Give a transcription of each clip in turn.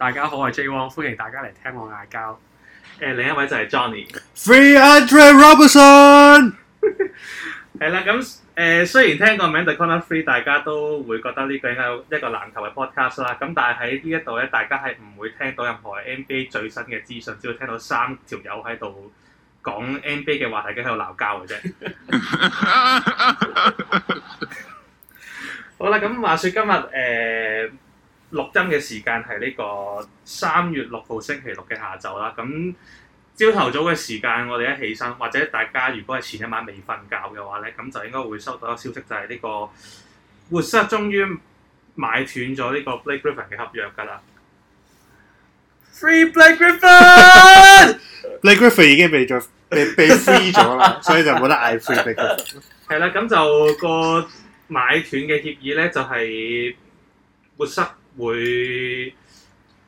大家好，我係 J Wong，歡迎大家嚟聽我嗌交。誒，另一位就係 Johnny，Free Andre Robertson。係啦，咁誒，雖然聽個名 The Corner Three，大家都會覺得呢個應該一個籃球嘅 podcast 啦。咁但係喺呢一度咧，大家係唔會聽到任何 NBA 最新嘅資訊，只會聽到三條友喺度講 NBA 嘅話題，而喺度鬧交嘅啫。好啦，咁話說今日誒。錄音嘅時間係呢個三月六號星期六嘅下晝啦，咁朝頭早嘅時間我哋一起身，或者大家如果係前一晚未瞓覺嘅話咧，咁就應該會收到一個消息就、這個，就係呢個活塞終於買斷咗呢個 Blake Griffin 嘅合約㗎啦。 al imagine Free Blake Griffin，Blake Griffin 已經被咗，被被 free 咗啦，所以就冇得嗌 free Blake Griffin。係啦，咁就個買斷嘅協議咧，就係活塞。會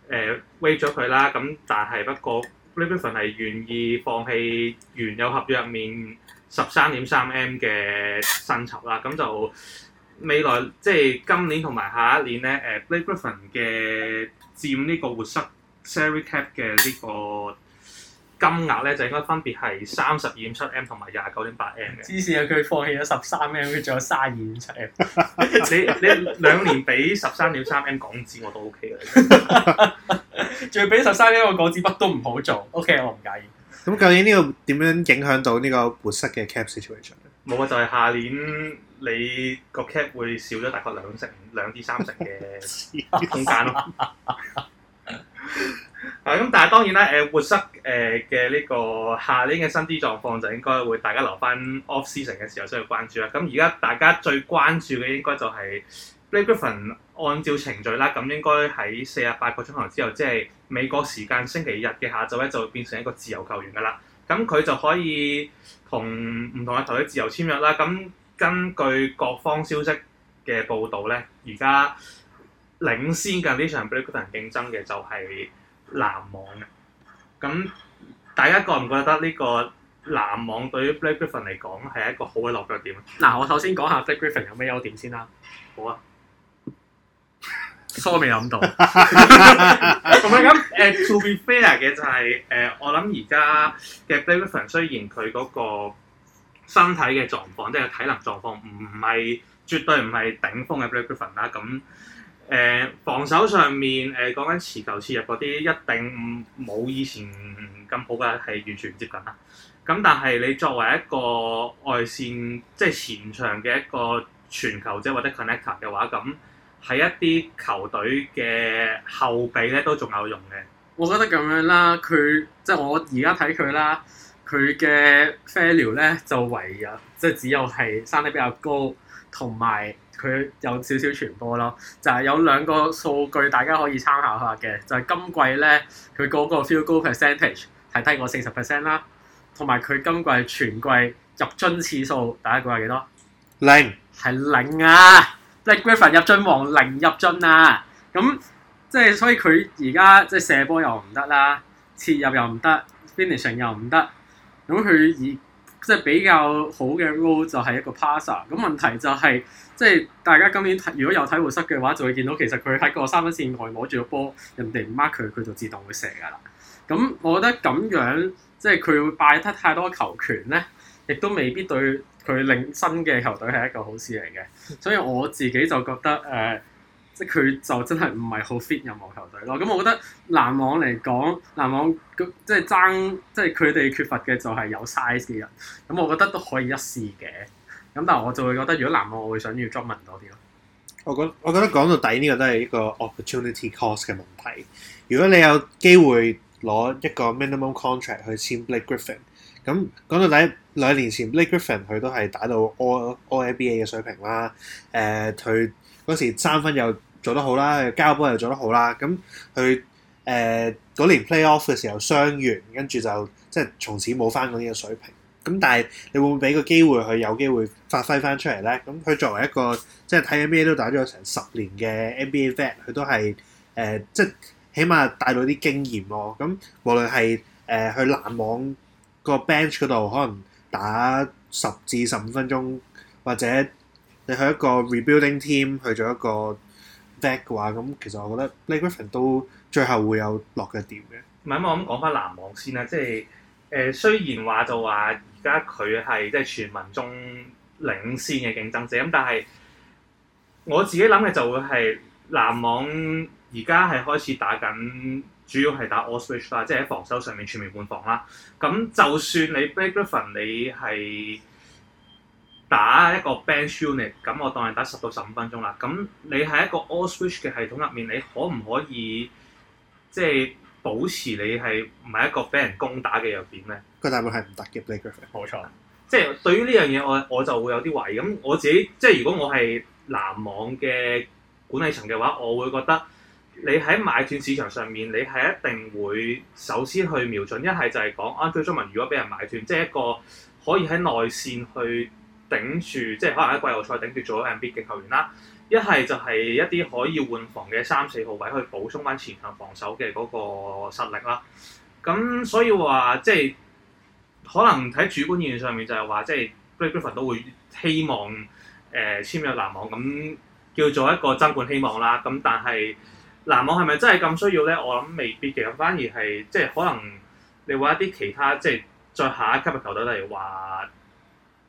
誒 wait 咗佢啦，咁但係不過 Blake Griffin 係願意放棄原有合約入面十三點三 M 嘅薪酬啦，咁就未來即係今年同埋下一年咧，誒、呃、Blake Griffin 嘅佔呢個活塞 salary cap 嘅呢、這個。金額咧就應該分別係三十二點七 m 同埋廿九點八 m 嘅。之前啊，佢放棄咗十三 m，跟住仲有卅二點七 m。 你你兩年俾十三點三 m 港紙我都 OK 啦。仲要俾十三 m 個港紙筆都唔好做，OK 我唔介意。咁究竟呢個點樣影響到呢個活塞嘅 cap situation 咧？冇啊，就係、是、下年你個 cap 會少咗大概兩成兩至三成嘅空間咯。 啊，咁但係當然咧，誒活塞誒嘅呢個下年嘅薪資狀況就應該會大家留翻 off season 嘅時候需要關注啦。咁而家大家最關注嘅應該就係 Blake Griffin 按照程序啦，咁應該喺四十八個鐘頭之後，即係美國時間星期日嘅下晝咧，就會變成一個自由球員噶啦。咁佢就可以同唔同嘅球隊自由簽約啦。咁根據各方消息嘅報導咧，而家領先嘅呢場 Blake Griffin 競爭嘅就係。籃網嘅，咁大家覺唔覺得呢個籃網對於 Blake Griffin 嚟講係一個好嘅落腳點咧？嗱，我首先講下 Blake Griffin 有咩優點先啦。好啊，sorry 未諗到。唔係咁，誒，to be fair 嘅就係，誒，我諗而家嘅 Blake Griffin 雖然佢嗰個身體嘅狀況，即係體能狀況，唔係絕對唔係頂峰嘅 Blake Griffin 啦，咁。誒、呃、防守上面誒講緊持球切入嗰啲，一定冇以前咁好嘅，係完全唔接近啦。咁但係你作為一個外線即係、就是、前場嘅一個傳球者或者 connector 嘅話，咁喺一啲球隊嘅後備咧都仲有用嘅。我覺得咁樣啦，佢即係我而家睇佢啦，佢嘅 value 咧就唯有即係只有係生得比較高同埋，佢有少少傳波咯，就係、是、有兩個數據大家可以參考下嘅，就係、是、今季咧佢嗰個 field goal percentage 係低過四十 percent 啦，同埋佢今季全季入樽次數，大家估下幾多？零係零啊，即係 Griffin 入樽王零入樽啊，咁、嗯、即係所以佢而家即係射波又唔得啦，切入又唔得，finishing 又唔得，咁、嗯、佢以。即係比較好嘅 role 就係一個 passer，咁問題就係、是、即係大家今年如果有睇活塞嘅話，就會見到其實佢喺個三分線外攞住個波，人哋唔 mark 佢，佢就自動會射㗎啦。咁我覺得咁樣即係佢會敗得太多球權咧，亦都未必對佢令新嘅球隊係一個好事嚟嘅。所以我自己就覺得誒。呃即係佢就真係唔係好 fit 任何球隊咯，咁我覺得籃網嚟講，籃網即係爭，即係佢哋缺乏嘅就係有 size 嘅人，咁我覺得都可以一試嘅。咁但係我就會覺得，如果籃網，我會想要 Joven 多啲咯。我覺得我覺得講到底呢、這個都係一個 opportunity cost 嘅問題。如果你有機會攞一個 minimum contract 去簽 Blake Griffin，咁講到底兩年前 Blake Griffin 佢都係打到 All-NBA 嘅水平啦，誒、呃、佢。嗰時三分又做得好啦，交波又做得好啦，咁佢誒嗰年 playoff 嘅時候傷完，跟住就即係從此冇翻嗰啲嘅水平。咁但係你會唔會俾個機會佢有機會發揮翻出嚟咧？咁佢作為一個即係睇 NBA 都打咗成十年嘅 NBA vet，佢都係誒、呃、即係起碼帶到啲經驗咯。咁無論係誒去籃網個 bench 嗰度，可能打十至十五分鐘或者。你去一個 rebuilding team 去做一個 back 嘅話，咁其實我覺得 Blake Griffin 都最後會有落腳點嘅。唔係啊，我咁講翻籃網先啦，即係誒、呃、雖然話就話而家佢係即係全民中領先嘅競爭者，咁但係我自己諗嘅就會係籃網而家係開始打緊，主要係打 all switch 啦，即係喺防守上面全面換防啦。咁就算你 Blake Griffin 你係。打一個 bench unit，咁我當係打十到十五分鐘啦。咁你喺一個 all switch 嘅系統入面，你可唔可以即係保持你係唔係一個俾人攻打嘅弱點咧？個答案係唔得擊你嘅。冇錯，即係對於呢樣嘢，我我就會有啲懷疑。咁我自己即係如果我係籃網嘅管理層嘅話，我會覺得你喺買斷市場上面，你係一定會首先去瞄準，一係就係講安祖莊文，如果俾人買斷，即係一個可以喺內線去。頂住即係可能喺季後賽頂住咗 NBA 嘅球員啦，是是一係就係一啲可以換防嘅三四號位去補充翻前場防守嘅嗰個實力啦。咁所以話即係可能喺主觀意見上面就係話，即係 Blake Griffin 都會希望誒、呃、簽入籃網，咁叫做一個爭冠希望啦。咁但係籃網係咪真係咁需要咧？我諗未必嘅，反而係即係可能你話一啲其他即係再下一級嘅球隊，例如話。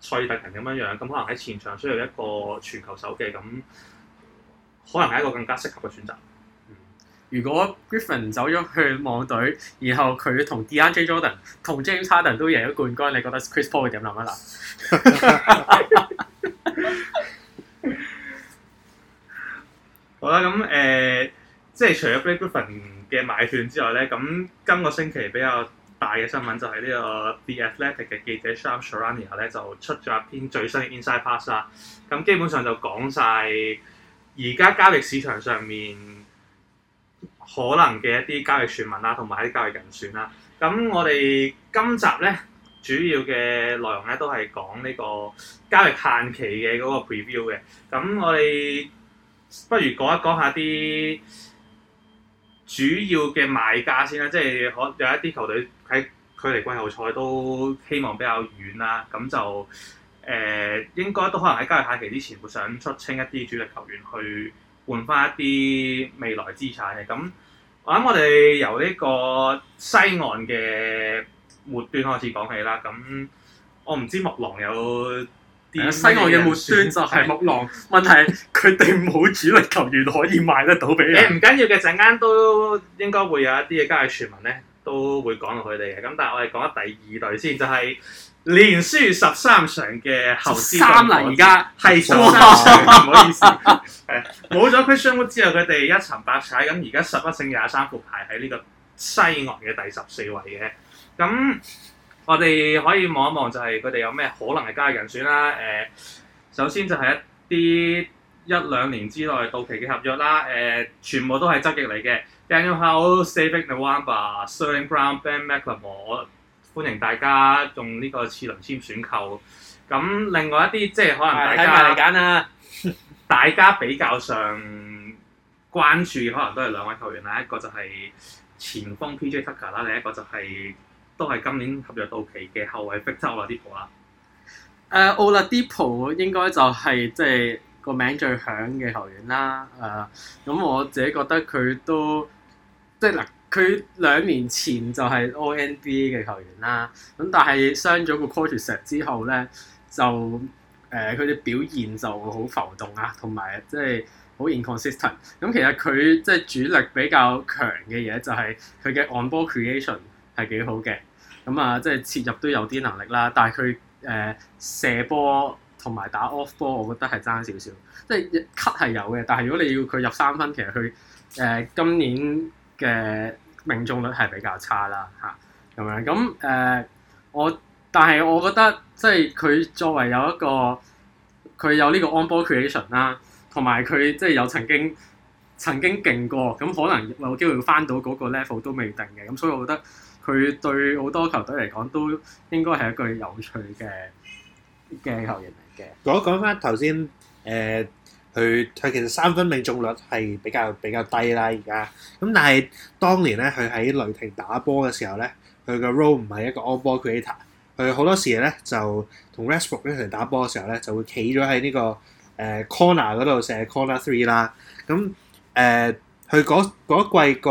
賽爾特人咁樣樣，咁可能喺前場需要一個全球手技，咁可能係一個更加適合嘅選擇。如果 Griffin 走咗去網隊，然後佢同 DeAndre Jordan 同 James Harden 都贏咗冠軍，你覺得 Chris Paul 點諗？好啦，咁誒、呃，即係除咗 Blake Griffin 嘅買斷之外咧，咁今個星期比較大嘅新聞就係呢、這個 The Athletic 嘅記者 Charles Charania Char 咧就出咗一篇最新嘅 Inside Pass 啦，咁基本上就講晒而家交易市場上面可能嘅一啲交易傳聞啦，同埋一啲交易人選啦、啊。咁我哋今集咧主要嘅內容咧都係講呢個交易限期嘅嗰個 Preview 嘅。咁我哋不如講一講一下啲主要嘅賣家先啦，即係可有一啲球隊。距離季後賽都希望比較遠啦，咁就誒、呃、應該都可能喺交易限期之前會想出清一啲主力球員去換翻一啲未來資產嘅。咁我諗我哋由呢個西岸嘅末端開始講起啦。咁我唔知木狼有啲、啊、西岸嘅末端就係木狼 問題，佢哋冇主力球員可以賣得到俾你。唔緊、嗯嗯、要嘅，陣間都應該會有一啲嘅交易傳聞咧。都會講到佢哋嘅，咁但係我哋講咗第二隊先，就係連輸十三場嘅後三啦，而家係十三，唔好意思，誒，冇咗 Christian Wood 之後，佢哋一沉百踩，咁而家十一勝廿三負排喺呢個西岸嘅第十四位嘅，咁我哋可以望一望就係佢哋有咩可能嘅加人選啦，誒、呃，首先就係一啲一兩年之內到期嘅合約啦，誒、呃，全部都係側翼嚟嘅。Daniel Howard、Savicki、Nwaba Sterling Brown、Ben McLemore 我歡迎大家用呢個次輪籤選購。咁另外一啲即係可能大家睇埋嚟揀啦， 大家比較上關注可能都係兩位球員啦，一個就係前鋒 P.J. Tucker 啦，另一個就係、係、都係今年合約到期嘅後衛 Victor Oladipo 啦。誒 Oladipo 應該就係即係，就係個名最響嘅球員啦，誒、呃，咁我自己覺得佢都，即係嗱，佢、呃、兩年前就係 o n d 嘅球員啦，咁但係傷咗個 quarter 石之後咧，就誒佢哋嘅表現就好浮動啊，同埋即係好 inconsistent、嗯。咁其實佢即係主力比較強嘅嘢就係佢嘅 on ball creation 係幾好嘅，咁、嗯、啊即係切入都有啲能力啦，但係佢誒射波。同埋打 off ball，我覺得係爭少少，即係 cut 係有嘅，但係如果你要佢入三分，其實佢誒、呃、今年嘅命中率係比較差啦吓，咁樣，咁誒、呃、我，但係我覺得即係佢作為有一個佢有呢個 on ball creation 啦，同埋佢即係有曾經曾經勁過，咁可能有機會翻到嗰個 level 都未定嘅，咁所以我覺得佢對好多球隊嚟講都應該係一個有趣嘅嘅球員。講講翻頭先，誒，佢、呃、佢其實三分命中率係比較比較低啦，而家。咁但係當年咧，佢喺雷霆打波嘅時候咧，佢嘅 role 唔係一個 on-ball creator。佢好多時咧就同 Russell Westbrook 一齊打波嘅時候咧，就會企咗喺呢個誒、呃、corner 嗰度射 corner three 啦。咁誒，佢嗰嗰季個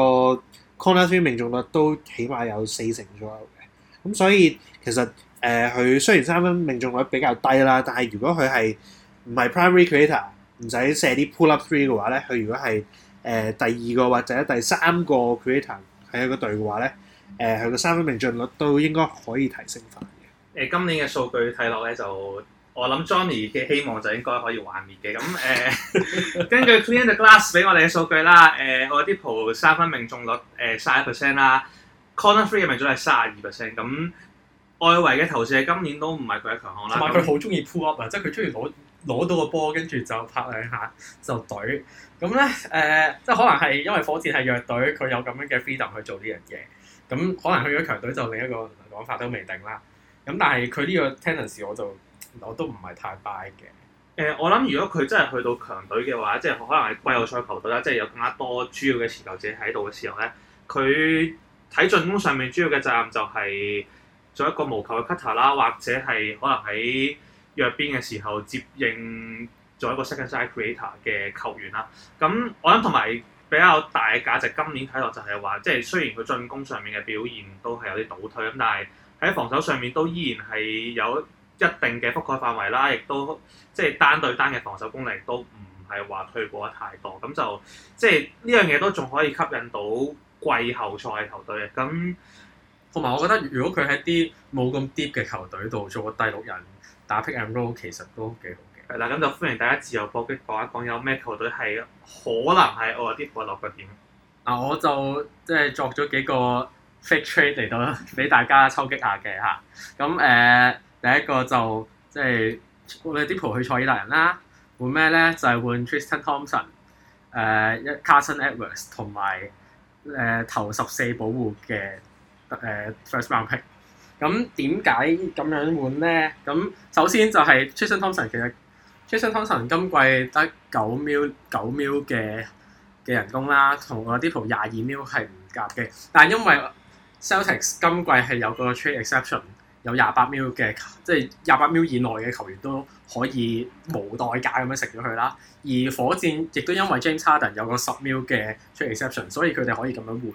corner three 命中率都起碼有四成左右嘅。咁所以其實，誒佢、呃、雖然三分命中率比較低啦，但係如果佢係唔係 primary creator，唔使射啲 pull up three 嘅話咧，佢如果係誒、呃、第二個或者第三個 creator 喺一個隊嘅話咧，誒佢個三分命中率都應該可以提升翻嘅。誒、呃、今年嘅數據睇落咧，就我諗 Johnny 嘅希望就應該可以幻滅嘅。咁誒，呃、 根據 Clean the Glass 俾我哋嘅數據啦，誒、呃、我哋 Dipo 三分命中率誒卅一 percent 啦，corner three 嘅命中率係卅二 percent 咁。外圍嘅投射今年都唔係佢嘅強項啦，同埋佢好中意 pull up 啊，即係佢中意攞攞到個波，跟住就拍兩下就隊。咁咧誒，即係可能係因為火箭係弱隊，佢有咁樣嘅 freedom 去做呢樣嘢。咁可能去咗強隊就另一個講法都未定啦。咁但係佢呢個 tendency 我就我都唔係太 buy 嘅。誒、呃，我諗如果佢真係去到強隊嘅話，即係可能係季後賽球隊啦，即係有更加多主要嘅持球者喺度嘅時候咧，佢睇進攻上面主要嘅責任就係、是，做一個無球嘅 cutter 啦，或者係可能喺弱邊嘅時候接應做一個 second side creator 嘅球員啦。咁我諗同埋比較大嘅價值，今年睇落就係話，即係雖然佢進攻上面嘅表現都係有啲倒退咁，但係喺防守上面都依然係有一定嘅覆蓋範圍啦，亦都即係單對單嘅防守功力都唔係話退步得太多。咁就即係呢樣嘢都仲可以吸引到季後賽球隊嘅咁。同埋，我覺得如果佢喺啲冇咁 deep 嘅球隊度做個第六人打 Pick and Roll 其實都幾好嘅。嗱、嗯，咁就歡迎大家自由搏擊講一講有咩球隊係可能係我哋啲部落嘅點。嗱、啊，我就即係作咗幾個 fake trade 嚟到俾大家抽擊下嘅吓，咁、啊、誒、嗯，第一個就即係我哋啲婆去賽爾達人啦，換咩咧？就係、是、換 Tristan Thompson 誒、嗯、一 Carsen Edwards 同埋誒頭十四保護嘅。誒 first round pick 咁點解咁樣換咧咁首先就係 Tristan Thompson 其實 Tristan Thompson 今季得九秒九秒嘅嘅人工啦同阿 Dipo 廿二秒係唔夾嘅但係因為 celtics 今季係有個 trade exception 有廿八秒嘅即係廿八秒以內嘅球員都可以無代價咁樣食咗佢啦而火箭亦都因為 James Harden 有個十秒嘅 trade exception 所以佢哋可以咁樣換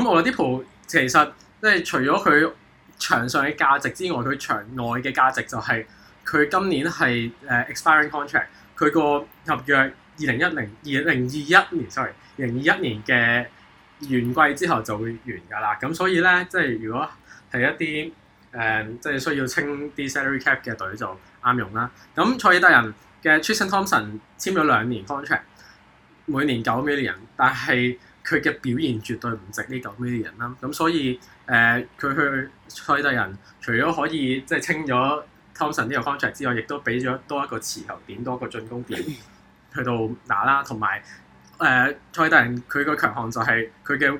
咁阿 Dipo 其實即係除咗佢場上嘅價值之外，佢場外嘅價值就係佢今年係誒、uh, expiring contract，佢個合約二零一零二零二一年 sorry 二零二一年嘅完季之後就會完㗎啦。咁所以咧，即係如果係一啲誒、uh, 即係需要清啲 salary cap 嘅隊就啱用啦。咁賽爾特人嘅 Tristan Thompson 簽咗兩年 contract，每年九 million，但係佢嘅表現絕對唔值呢九 million 啦。咁所以誒佢、呃、去賽特人，除咗可以即係清咗湯神呢個 contract 之外，亦都俾咗多一個持球點，多一個進攻點去到打啦。同埋誒賽特人佢個強項就係佢嘅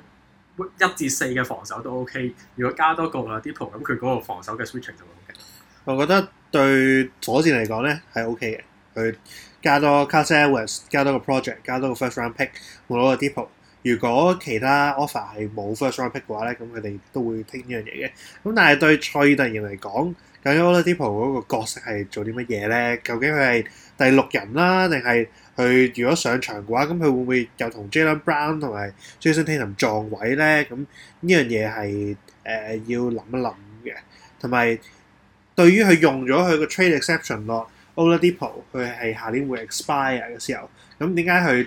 一至四嘅防守都 OK。如果加多個啦 Dipo 咁佢嗰個防守嘅 switching，er、就 OK。我覺得對左線嚟講咧係 OK 嘅。佢加多 Carsen Edwards，加多個 project，加多個 first round pick，攞個 Dipo 如果其他 offer 係冇 first round pick 嘅話咧，咁佢哋都會聽呢樣嘢嘅。咁但係對蔡爾特人嚟講，究竟 Oladipo 嗰個角色係做啲乜嘢咧？究竟佢係第六人啦，定係佢如果上場嘅話，咁佢會唔會又同 Jalen Brown 同埋 Jason Tatum 撞位咧？咁呢樣嘢係誒要諗一諗嘅。同埋對於佢用咗佢個 trade exception 落 Oladipo，佢係下年會 expire 嘅時候，咁點解佢？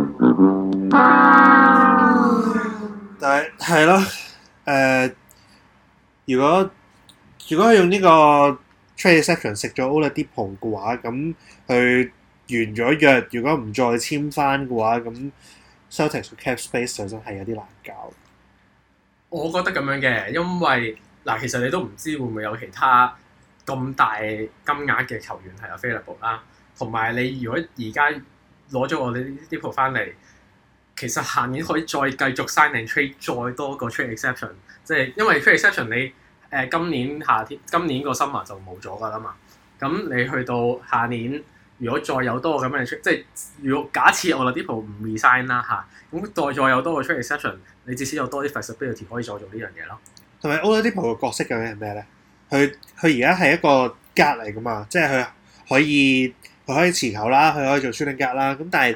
但係係咯，誒、呃，如果如果用呢個 trade exception 食咗 Oladipo 嘅話，咁去完咗約，如果唔再簽翻嘅話，咁 Celtics cap space 上真係有啲難搞。我覺得咁樣嘅，因為嗱，其實你都唔知會唔會有其他咁大金額嘅球員係 available 啦，同埋你如果而家攞咗我哋啲 Oladipo 翻嚟，其實下年可以再繼續 sign and trade 再多個 trade exception，即係因為 trade exception 你誒、呃、今年夏天今年個 summer 就冇咗㗎啦嘛，咁你去到下年如果再有多個咁樣嘅 trade，即係如果假設我個 deep p o 唔 resign 啦、啊、嚇，咁再再有多個 trade exception，你至少有多啲 f l s x i b i l i t y 可以再做呢樣嘢咯。同埋 old e e p p o o 嘅角色究竟係咩咧？佢佢而家係一個格嚟㗎嘛，即係佢可以佢可以持球啦，佢可以做穿窿 g a 啦，咁但係。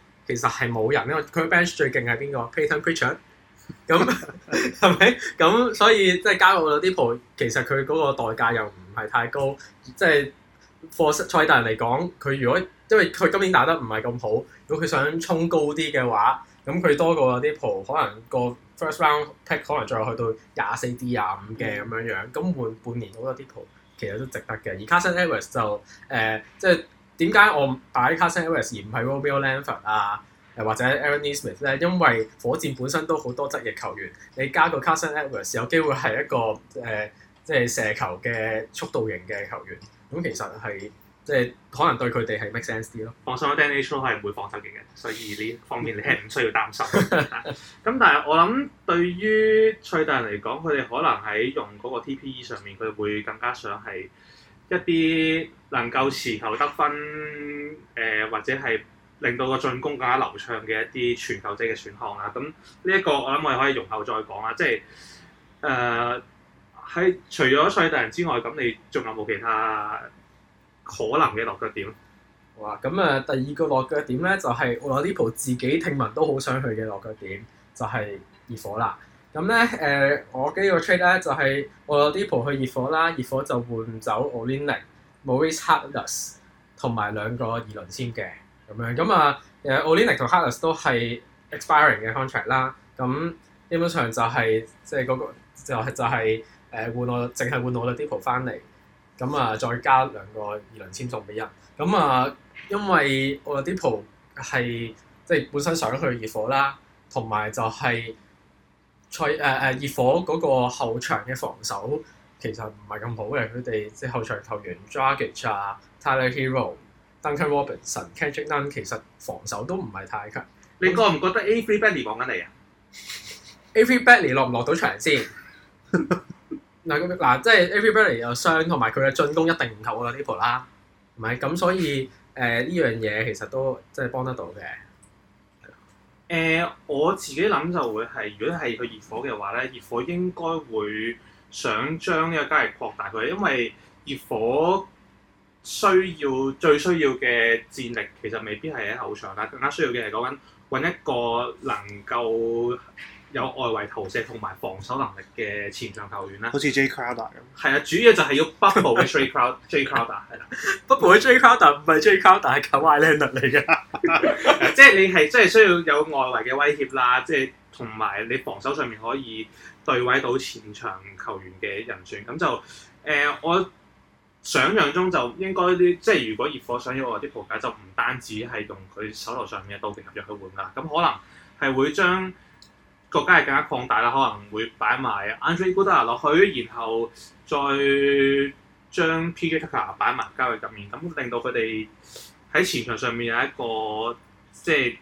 其實係冇人，因為佢 bench 最勁係邊個 Payton Pritchard 咁係咪？咁 所以即係加落嗰啲 pool，其實佢嗰個代價又唔係太高。即係課室賽大人嚟講，佢如果因為佢今年打得唔係咁好，如果佢想衝高啲嘅話，咁佢多過嗰啲 pool，可能個 first round pick 可能再去到廿四 D 廿五嘅咁樣樣。咁換半年嗰啲 pool 其實都值得嘅。而 Carson Edwards 就誒、呃、即係。點解我擺卡森艾弗遜而唔係羅比歐蘭弗啊，又或者 a 艾倫尼史密斯咧？因為火箭本身都好多側翼球員，你加個卡森艾弗遜有機會係一個誒、呃，即係射球嘅速度型嘅球員。咁、嗯、其實係即係可能對佢哋係 make sense 啲咯。放心啦，丹尼遜係唔會放走嘅，所以呢方面你係唔需要擔心。咁 但係我諗，對於賽大人嚟講，佢哋可能喺用嗰個 TPE 上面，佢會更加想係一啲。能夠持球得分，誒、呃、或者係令到個進攻更加流暢嘅一啲傳球者嘅選項啦。咁呢一個我諗，我哋可以容後再講啦。即係誒喺除咗賽地人之外，咁你仲有冇其他可能嘅落腳點？好啊，咁啊、呃，第二個落腳點咧就係、是、Oladipo 自己聽聞都好想去嘅落腳點，就係、是、熱火啦。咁咧誒，我嘅呢個 trade 咧就係、是、Oladipo 去熱火啦，熱火就換走 Olynyk Maurice Hardus 同埋兩個二輪籤嘅，咁樣咁啊誒 Olinic 同 Hardus 都係 expiring 嘅 contract 啦、啊，咁基本上就係即係嗰個就係就係、是、誒、呃、換我淨係換我哋 Diplo 翻嚟，咁啊再加兩個二輪籤送俾人，咁啊因為我哋 Diplo 係即係本身想去熱火啦，同、啊、埋就係塞誒誒熱火嗰個後場嘅防守。其實唔係咁好嘅，佢哋即後場球員 Dragic 啊，Tyler Herro Duncan Robinson、Duncan Robinson Kendrick Nunn 其實防守都唔係太強。你覺唔覺得 Avery Bradley 幫緊你啊？Avery Bradley 落唔落到場先？嗱嗱，即係 Avery Bradley 有傷，同埋佢嘅進攻一定唔夠啊 level 啦，唔係咁，所以誒呢、呃、樣嘢其實都即係幫得到嘅。誒、呃，我自己諗就會係，如果係去熱火嘅話咧，熱火應該會。想將呢個交易擴大佢，因為熱火需要最需要嘅戰力其實未必係喺後場啦，更加需要嘅係講緊揾一個能夠有外圍投射同埋防守能力嘅前場球員啦。好似 J. Crowder 咁。係啊，主要就係要 Bubble 嘅 J. Crow d J. Crowder 係啦、啊、Bubble 嘅 J. Crowder 唔係 J. Crowder 係 Kyle Anderson 嚟嘅，即 係 你係即係需要有外圍嘅威脅啦，即係同埋你防守上面可以。對位到前場球員嘅人選，咁就誒、呃，我想像中就應該啲，即係如果熱火想要我啲鋪解，就唔單止係用佢手頭上面嘅到期合約去換啦，咁可能係會將國家係更加擴大啦，可能會擺埋 Andre Iguodala 落去，然後再將 PJ Tucker 擺埋交易入面，咁令到佢哋喺前場上面有一個即係、就是、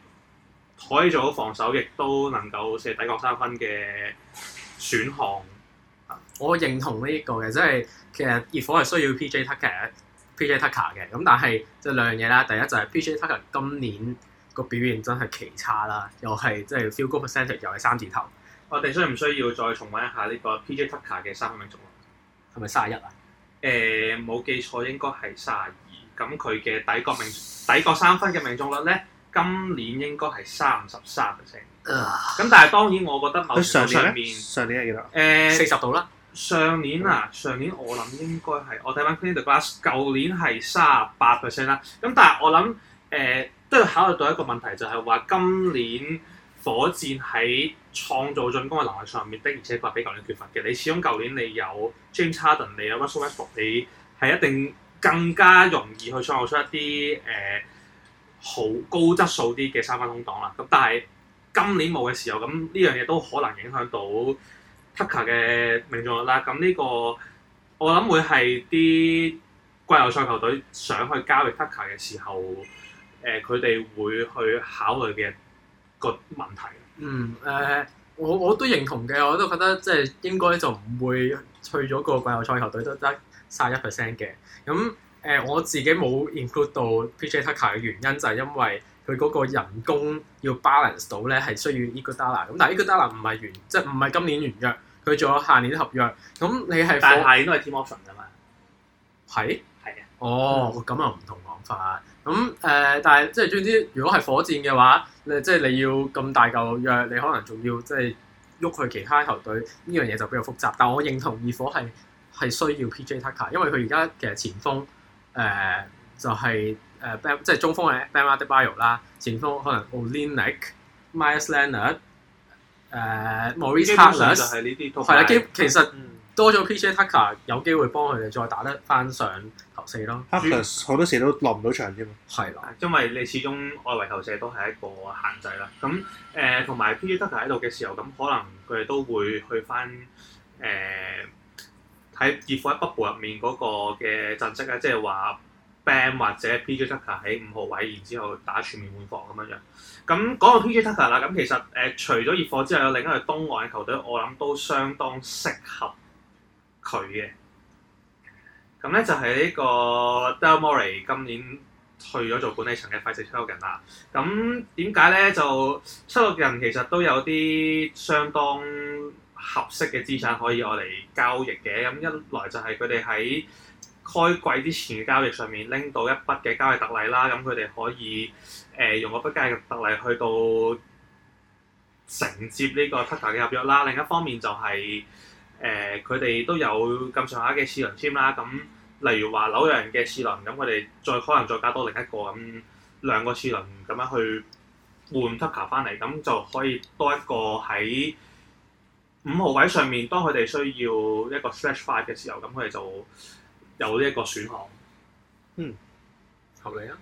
可以做好防守，亦都能夠射底角三分嘅。選項，啊，我認同呢個嘅，即係其實熱火係需要 P.J. Tucker，P.J. Tucker 嘅 Tucker，咁但係即係兩樣嘢啦，第一就係 P.J. Tucker 今年個表現真係奇差啦，又係即係 field goal percentage 又係三字頭。我哋需唔需要再重溫一下呢個 P.J. Tucker 嘅三分命中率？係咪三十一啊？誒，冇記錯應該係三十二，咁佢嘅底角命底角三分嘅命中率咧，今年應該係三十三 percent。咁、嗯、但係當然，我覺得某程度上面上年係幾多？誒、呃，四十度啦。上年啊，上年我諗應該係我睇翻 Clean the Glass。舊年係卅八 percent 啦。咁但係我諗誒、呃、都要考慮到一個問題，就係、是、話今年火箭喺創造進攻嘅能力上面的，而且佢係比舊年缺乏嘅。你始終舊年你有 James Harden，你有 Russell Westbrook，你係一定更加容易去創造出一啲誒、呃、好高質素啲嘅三分空檔啦。咁但係今年冇嘅時候，咁呢樣嘢都可能影響到 Tucker 嘅命中率。啦、這個。咁呢個我諗會係啲季後賽球隊想去交易 Tucker 嘅時候，誒佢哋會去考慮嘅個問題。嗯，誒、呃、我我都認同嘅，我都覺得即係應該就唔會去咗個季後賽球隊都得三十一 percent 嘅。咁誒、呃、我自己冇 include 到 PJ Tucker 嘅原因就係、是、因為。佢嗰個人工要 balance 到咧，係需要 Iguodala 咁，1, 但係 Iguodala 唔係完，即係唔係今年完約，佢做咗下年合約。咁你係但係下年都係 team option 噶嘛？係係，是的哦，咁又唔同講法。咁誒、呃，但係即係總之，如果係火箭嘅話，你即係你要咁大嚿約，你可能仲要即係喐去其他球隊，呢樣嘢就比較複雜。但係我認同熱火係係需要 PJ Tucker，因為佢而家其實前鋒誒、呃、就係、是。呃、即係中鋒係 Benard 巴肉啦，前鋒可能 Olinic、Miles Leonard、呃、誒 Maurice Thomas 基本上就係呢啲多係啦。基其實多咗 P.J. Tucker、嗯、有機會幫佢哋再打得翻上投四咯。Tucker 好多時都落唔到場添。係啦的，因為你始終外圍投射都係一個限制啦。咁誒同埋 P.J. Tucker 喺度嘅時候，咁可能佢哋都會去翻誒喺熱火喺北部入面嗰個嘅陣績咧，即係話。或者 P.J. Tucker 喺五號位，然之後打全面換防咁樣樣。咁講到 P.J. Tucker 啦，咁其實誒、呃、除咗熱火之外，有另一個東岸嘅球隊，我諗都相當適合佢嘅。咁咧就係、是、呢個 Daryl Morey 今年退咗做管理層嘅費城七六人啦。咁點解咧？就七六人其實都有啲相當合適嘅資產可以攞嚟交易嘅。咁一來就係佢哋喺開季之前嘅交易上面拎到一筆嘅交易特例啦，咁佢哋可以誒、呃、用嗰筆交易特例去到承接呢個 Tucker 嘅合約啦。另一方面就係誒佢哋都有咁上下嘅次輪簽啦，咁例如話紐約人嘅次輪，咁佢哋再可能再加多另一個咁兩個次輪咁樣去換 Tucker 翻嚟，咁就可以多一個喺五號位上面。當佢哋需要一個 Stretch Five 嘅時候，咁佢哋就～有呢一個選項，嗯，合理，合理啊，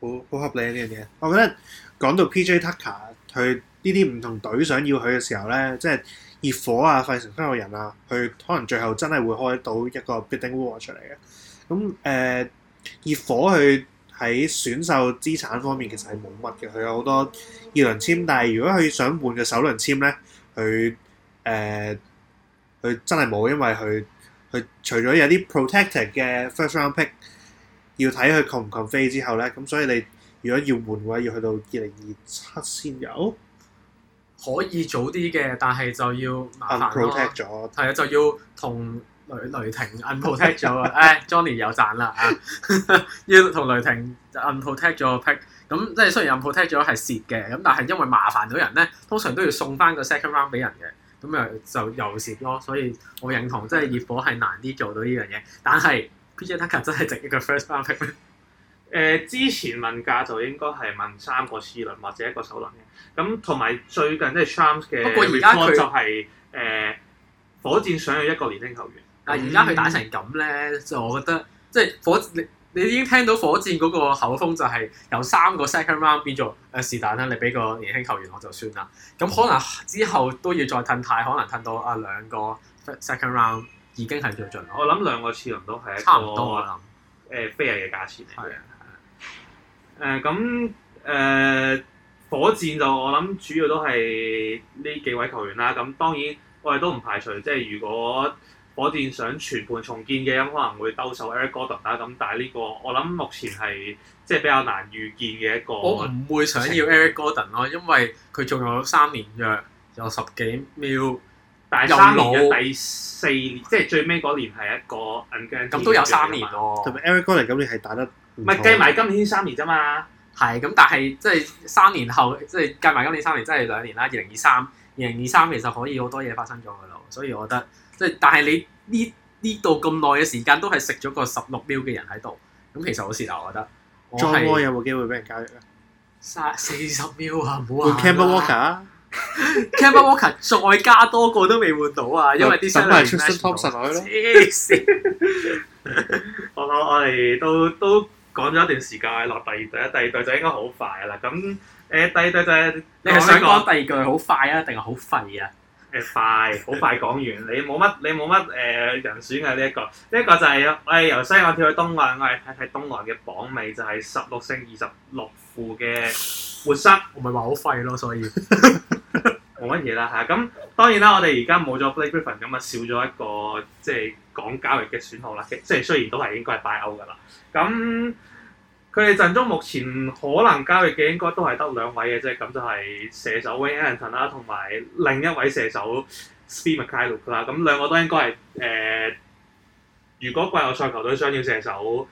好好合理呢樣嘢。我覺得講到 PJ Tucker，佢呢啲唔同隊想要佢嘅時候咧，即係熱火啊、費城七六人啊，佢可能最後真係會開到一個 bidding war 出嚟嘅。咁誒、呃，熱火佢喺選秀資產方面其實係冇乜嘅，佢有好多二輪簽，但係如果佢想換個首輪簽咧，佢誒佢真係冇，因為佢。佢除咗有啲 protected 嘅 first round pick，要睇佢 con 唔 con fee 之後咧，咁所以你如果要換嘅話，要去到二零二七先有，可以早啲嘅，但係就要麻煩咯。unprotect 咗，係啊，就要同雷雷霆 unprotect 咗。唉，Johnny 有讚啦啊，要同雷霆 unprotect 咗個 pick。咁即係雖然 unprotect 咗係蝕嘅，咁但係因為麻煩到人咧，通常都要送翻個 second round 俾人嘅。咁又就又蝕咯，所以我認同，即係熱火係難啲做到呢樣嘢。但係 PJ 塔克真係值一個 first round pick。誒，之前問價就應該係問三個次輪或者一個首輪嘅。咁同埋最近即係 Shams 嘅 report 就係誒、就是呃、火箭想要一個年輕球員，嗯、但係而家佢打成咁咧，就我覺得即係火你。你已經聽到火箭嗰個口風就係由三個 second round 變做誒是但啦，你俾個年輕球員我就算啦。咁可能之後都要再褪軚，可能褪到啊兩個 second round 已經係最盡。我諗兩個次輪都係差唔多啊。誒飛嘅價錢嚟。係啊。咁誒、呃呃、火箭就我諗主要都係呢幾位球員啦。咁當然我哋都唔排除即係、就是、如果。火箭想全盤重建嘅，有可能會兜售 Eric Gordon 啦。咁但係呢個，我諗目前係即係比較難預見嘅一個。我唔會想要 Eric Gordon 咯，因為佢仲有三年約，有十幾秒。但係三年嘅第四年，即係最尾嗰年係一個。咁都有三年咯。同埋 Eric Gordon 今年係打得唔係計埋今年三年啫嘛。係咁，但係即係三年後，即係計埋今年三年，即係兩年啦。二零二三，二零二三其實可以好多嘢發生咗噶啦，所以我覺得即係，但係你呢呢度咁耐嘅時間都係食咗個十六秒嘅人喺度，咁其實好蝕啊！我覺得。j 有冇機會俾人交易？啊？三四十秒啊！唔好話。Camber Walker Camber Walker 再加多個都未換到啊！ 因為啲新人。出咗我我哋都都。都都講咗一段時間，落第二隊，第二隊就應該好快啦。咁誒，第二隊就係、你係想講第二句好快啊，定係好廢啊？誒、欸，快，好快講完。 你冇乜，你冇乜誒人選嘅呢一個。呢、呢、一個就係我哋由西岸跳去東岸，我哋睇睇東岸嘅榜尾就係十六勝二十六負嘅活塞。 我咪話好廢咯，所以。 冇乜嘢啦嚇，咁、啊、當然啦，我哋而家冇咗 Blake Griffin 咁啊，少咗一個即係、就是、講交易嘅選項啦。即係雖然都係應該係拜歐噶啦。咁佢哋陣中目前可能交易嘅應該都係得兩位嘅啫，咁就係射手 Wayne Ellington 啦，同埋另一位射手 Svi Mykhailiuk 啦。咁兩個都應該係誒、呃，如果季後賽球隊想要射手。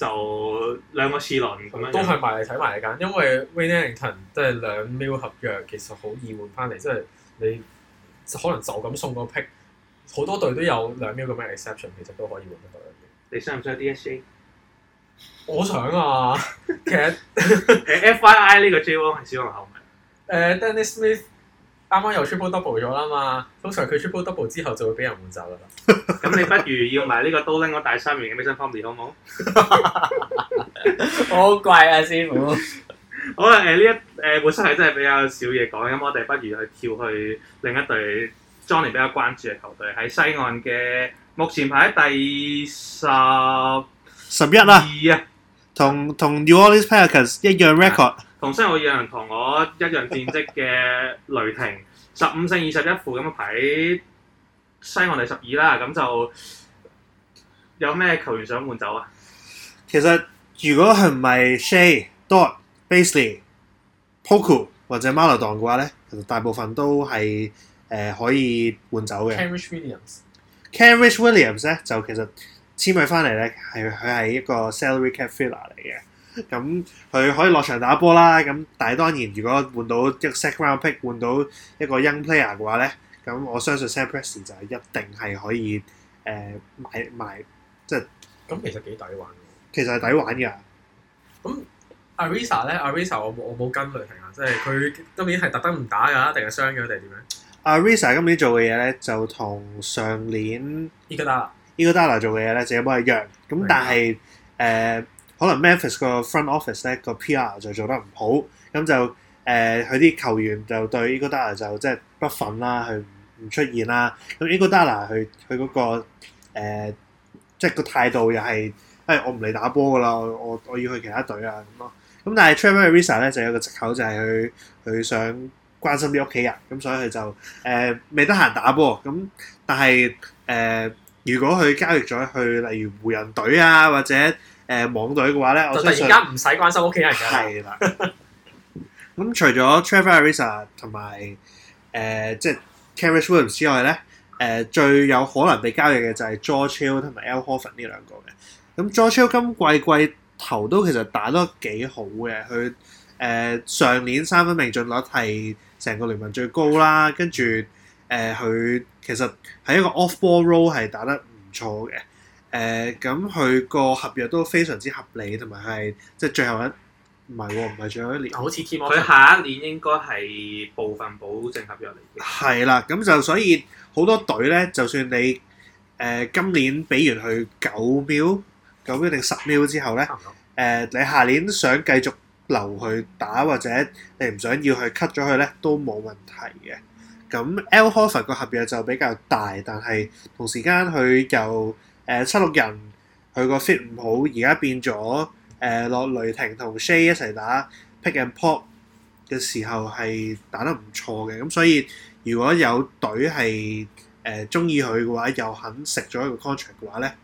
就兩個次輪咁樣，都係埋嚟睇埋一間，因為 Winnington、e、都係兩 mil 合約，其實好易換翻嚟，即係你可能就咁送個 Pick，好多隊都有兩 mil 咁嘅 exception，其實都可以換得到。你想唔想 DSC？我想啊，其實 FYI 呢個 J One 係希望後面，Dennis Smith. 啱啱又 triple double 咗啦嘛，通常佢 triple double 之後就會俾人換走啦。咁 你不如要埋呢個 do ling 嗰大三元嘅 Mason Plumlee 好唔好？ 好貴啊，師傅。 好啦，誒、呃、呢一誒本身係真係比較少嘢講，咁我哋不如去跳去另一隊 Johnny 比較關注嘅球隊，喺西岸嘅目前排喺第十十一啦，同同 New Orleans Pelicans 一樣 record。同新我一樣同我一樣戰績嘅雷霆 十五勝二十一負，咁啊排西岸第十二啦，咁就有咩球員想換走啊？其實如果係唔係 Shay、d o t Basley、Poku 或者馬來蕩嘅話咧，其實大部分都係誒、呃、可以換走嘅。Cambridge w i l l i a m s c a m r i d g Williams 咧就其實簽佢翻嚟咧係佢係一個 salary cap filler 嚟嘅。咁佢、嗯、可以落場打波啦，咁但係當然，如果換到一 second round pick 換到一個 young player 嘅話咧，咁我相信 Sam Presti 就係一定係可以誒買買即係。咁其實幾抵玩嘅。其實係抵玩嘅。咁 Arisa 咧，Arisa 我我冇跟雷霆啊，即係佢今年係特登唔打㗎，定係傷咗定係點樣？Arisa 今年做嘅嘢咧，就同上年 Iguodala Iguodala 做嘅嘢咧，就一般一樣。咁但係誒。對呃可能 Memphis 個 front office 咧個 PR 就做得唔好，咁就誒，佢、呃、啲球員就對 Iguodala 就即係不忿啦，佢唔出現啦。咁 Iguodala 佢佢個誒即係個態度又係誒我唔嚟打波噶啦，我我，我要去其他隊啊咁咯。咁但係 Trevor Ariza 咧就有個藉口就係佢佢想關心啲屋企人，咁所以佢就誒未得閒打波。咁但係誒、呃、如果佢交易咗去例如湖人隊啊或者。誒、呃、網隊嘅話咧，我突然間唔使關心屋企人嘅。係啦、 嗯。咁除咗 Travis Ariza 同埋誒、呃、即係 Caris Williams 之外咧，誒、呃、最有可能被交易嘅就係 George Hill 同埋 Al Horford 呢兩個嘅。咁 George Hill 今季季頭都其實打得幾好嘅，佢誒、呃、上年三分命中率係成個聯盟最高啦，跟住誒佢其實喺一個 Off Ball Role 係打得唔錯嘅。誒，咁佢個合約都非常之合理，同埋係即係最後一，唔係喎，唔係、哦、最後一年。好似佢下一年應該係部分保證合約嚟嘅。係啦、嗯，咁就所以好多隊咧，就算你誒、呃、今年，比完佢九秒九秒定十秒之後咧，誒、嗯呃、你下年想繼續留去打，或者你唔想要去 cut 咗佢咧，都冇問題嘅。咁 Al Horford 個合約就比較大，但係同時間佢又～誒，七六人佢個 fit 唔好。而家變咗誒落雷霆同 Shay 一齊打 Pick and Pop 嘅時候係打得唔錯嘅，咁所以如果有隊係誒中意佢嘅話，又肯食咗一個 contract 嘅話咧，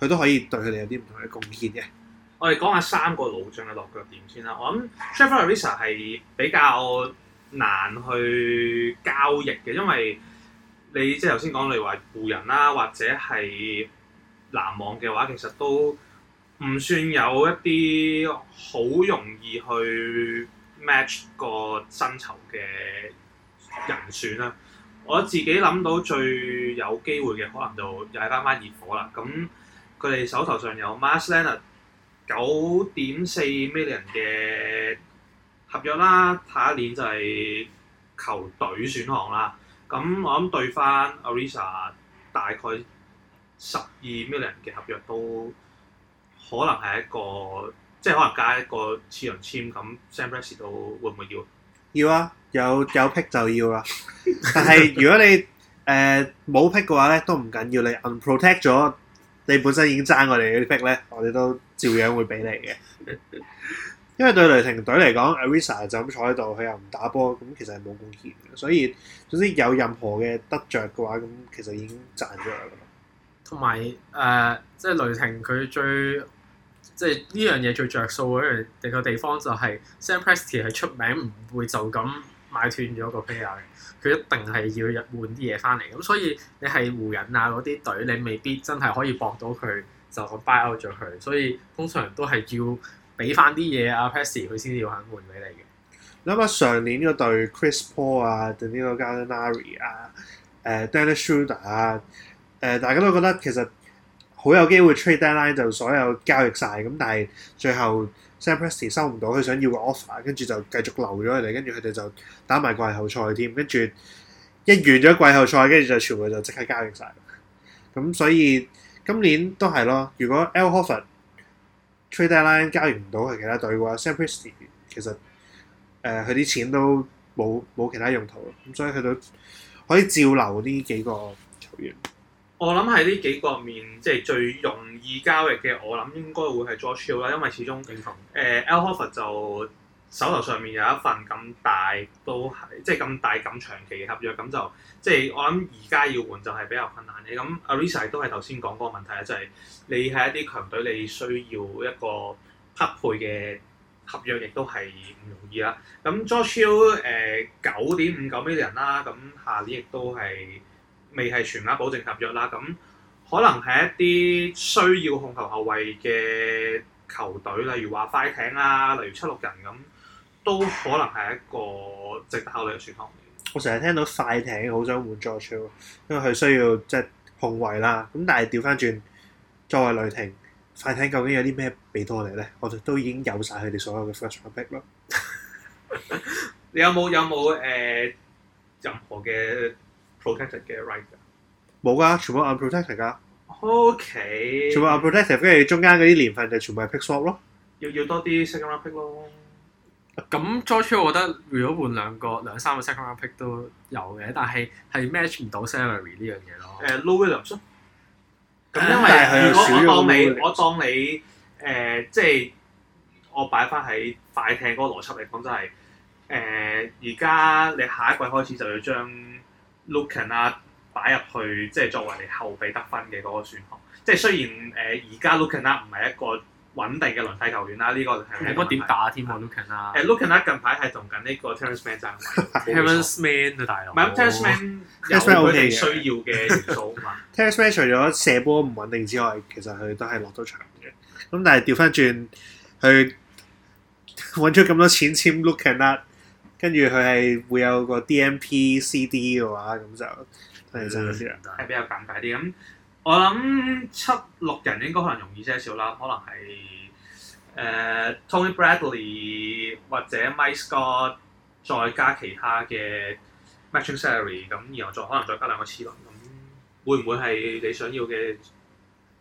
誒佢都可以對佢哋有啲唔同嘅貢獻嘅。我哋講下三個老將嘅落腳點先啦。我諗 Trevor Ariza 係比較難去交易嘅，因為你即係頭先講，你話湖人啦，或者係籃網嘅話，其實都唔算有一啲好容易去 match 個薪酬嘅人選啦。我自己諗到最有機會嘅，可能就又係翻翻熱火啦。咁佢哋手頭上有 Meyers Leonard 九點四 million 嘅合約啦，下一年就係球隊選項啦。咁我諗對翻 Arisa 大概十二 million 嘅合約都可能係一個，即係可能加一個次輪籤咁，Sampras 到會唔會要？要啊，有有 pick 就要啦，啊。 但係如果你誒冇 pick 嘅話咧，都唔緊要。你 unprotect 咗，你本身已經爭我哋嗰啲 pick 咧，我哋都照樣會俾你嘅。 因為對雷霆隊嚟講，Ariza 就咁坐喺度，佢又唔打波，咁其實係冇貢獻嘅。所以總之有任何嘅得着嘅話，咁其實已經賺咗啦。同埋誒，即係雷霆佢最即係呢樣嘢最著數嗰樣地個地方就係 Sam Presti 係出名唔會就咁買斷咗個 player 佢一定係要入換啲嘢翻嚟。咁所以你係湖人啊嗰啲隊，你未必真係可以搏到佢就咁 buy out 咗佢。所以通常都係要。俾翻啲嘢阿 Presti，佢先至要肯換俾你嘅。你諗下上年嗰隊 Chris Paul 啊，定呢個 Gallinari 啊，誒、呃、Dennis Schroeder 啊，誒、呃、大家都覺得其實好有機會 trade deadline 就所有交易晒。咁，但係最後 Sam Presti 收唔到，佢想要個 offer，跟住就繼續留咗佢哋，跟住佢哋就打埋季後賽添，跟住一完咗季後賽，跟住就全部就即刻交易晒。咁所以今年都係咯，如果 Al Horford Trade deadline 交易唔到係其他隊嘅話，Sam Presti 其實誒佢啲錢都冇冇其他用途，咁所以佢都可以照留呢幾個球員。我諗係呢幾個面，即係最容易交易嘅，我諗應該會係 George Hill 啦，因為始終誒，嗯，呃，Al Horford 就。手頭上面有一份咁大都係即係咁大咁長期嘅合約，咁就即係我諗而家要換就係比較困難嘅。咁 Arisa 都係頭先講嗰個問題啊，就係、是、你係一啲強隊，你需要一個匹配嘅合約，亦都係唔容易啦。咁 George Hill 誒九點五九 million 啦，咁下年亦都係未係全額保證合約啦。咁可能係一啲需要控球後衞嘅球隊，例如話快艇啦，例如七六人咁。都可能係一個值得考慮嘅選項。我成日聽到快艇好想換左傳，因為佢需要即係、就是、控衞啦。咁但係調翻轉作為雷霆快艇，究竟有啲咩俾到我哋咧？我哋都已經有晒佢哋所有嘅 first round pick 咯。你有冇有冇誒、呃、任何嘅 protected 嘅 right？冇噶、啊，全部係 unprotected 噶。OK，全部係 unprotected，跟住中間嗰啲年份就全部係 pick swap 咯。要要多啲 second pick 咯。咁再吹，我覺得如果換兩個兩三個 second round pick 都有嘅，但係係 match 唔到 salary 呢樣嘢咯。誒、uh,，Lou Williams、啊。咁因為如果，、uh, 如果我當你，我當你誒，即、呃、係、就是、我擺翻喺快艇嗰個邏輯嚟講、就是，真係誒，而家你下一季開始就要將 Luke Kennard 啊擺入去，即、就、係、是、作為你後備得分嘅嗰個選項。即、就、係、是、雖然誒，而家 Luke Kennard 啊唔係一個穩定嘅輪替球員啦，呢、這個係咁點打添喎？Lookin 啊，誒 Lookin 啊，近排係同緊呢個 Terrence Man 爭，Terrence Man 啊大佬，唔係咁 Terrence Man 又佢哋需要嘅元素啊嘛，Terrence Man 除咗射波唔穩定之外，其實佢都係落到場嘅。咁但係調翻轉，佢揾咗咁多錢簽 Lookin 啊，跟住佢係會有個 DNP CD 嘅話，咁就係爭啲啊，係比較尷尬啲咁。 我諗七六人應該可能容易些少啦，可能係誒、呃、Tony Bradley 或者 Mike Scott 再加其他嘅 Matching Salary 咁，然後再可能再加兩個次輪咁，會唔會係你想要嘅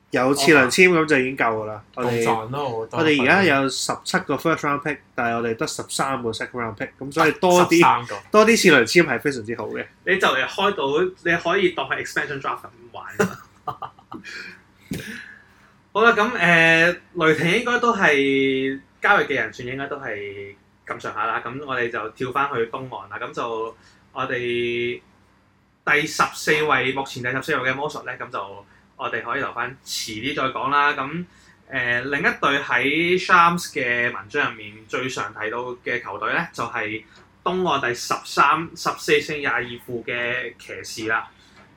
有次輪簽咁 Okay. 就已經夠㗎啦？好賺，我哋而家有十七個 First Round Pick，但係我哋得十三個 Second Round Pick，咁所以多啲多啲次輪簽係非常之好嘅。你就嚟開到你可以當係 Expansion Draft 咁玩。 好啦，咁誒、呃，雷霆應該都係交易嘅人算，應該都係咁上下啦。咁我哋就跳翻去東岸啦。咁就我哋第十四位，目前第十四位嘅魔術咧，咁就我哋可以留翻遲啲再講啦。咁誒、呃，另一隊喺 Shams 嘅文章入面最常提到嘅球隊咧，就係、是、東岸第十三、十四勝廿二負嘅騎士啦。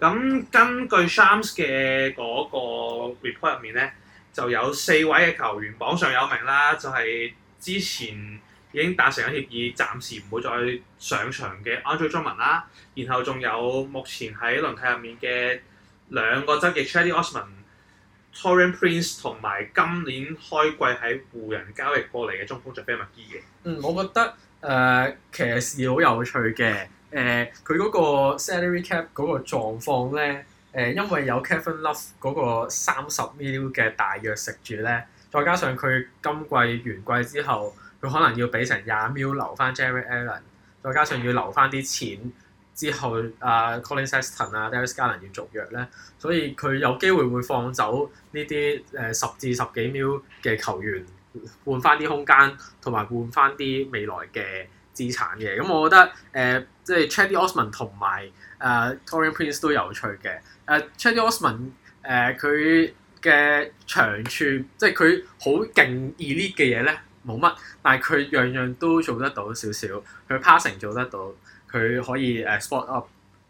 咁根據 Shams 嘅嗰個 report 入面咧，就有四位嘅球員榜上有名啦，就係、是、之前已經達成咗協議，暫時唔會再上場嘅 Andre Drummond 啦，然後仲有目前喺輪替入面嘅兩個質嘅 Cedi Osman、Taurean Prince 同埋今年開季喺湖人交易過嚟嘅中鋒 JaVale McGee 嘅。嗯，我覺得誒其實好有趣嘅。誒佢嗰個 salary cap 嗰個狀況咧，誒、呃、因為有 Kevin Love 嗰個三十 mil 嘅大約食住咧，再加上佢今季完季之後，佢可能要俾成廿 mil 留翻 Jarrett Allen，再加上要留翻啲錢之後，啊、uh, Collin Sexton 啊、uh, Darius Garland 要續約咧，所以佢有機會會放走呢啲誒十至十幾 mil 嘅球員，換翻啲空間，同埋換翻啲未來嘅。資產嘅，咁我覺得誒、呃，即係 Cedi Osman 同埋誒、呃、Taurean Prince 都有趣嘅。誒 Cedi Osman 誒佢嘅長處，即係佢好勁 elite 嘅嘢咧，冇乜。但係佢樣樣都做得到少少，佢 passing 做得到，佢可以誒 spot up，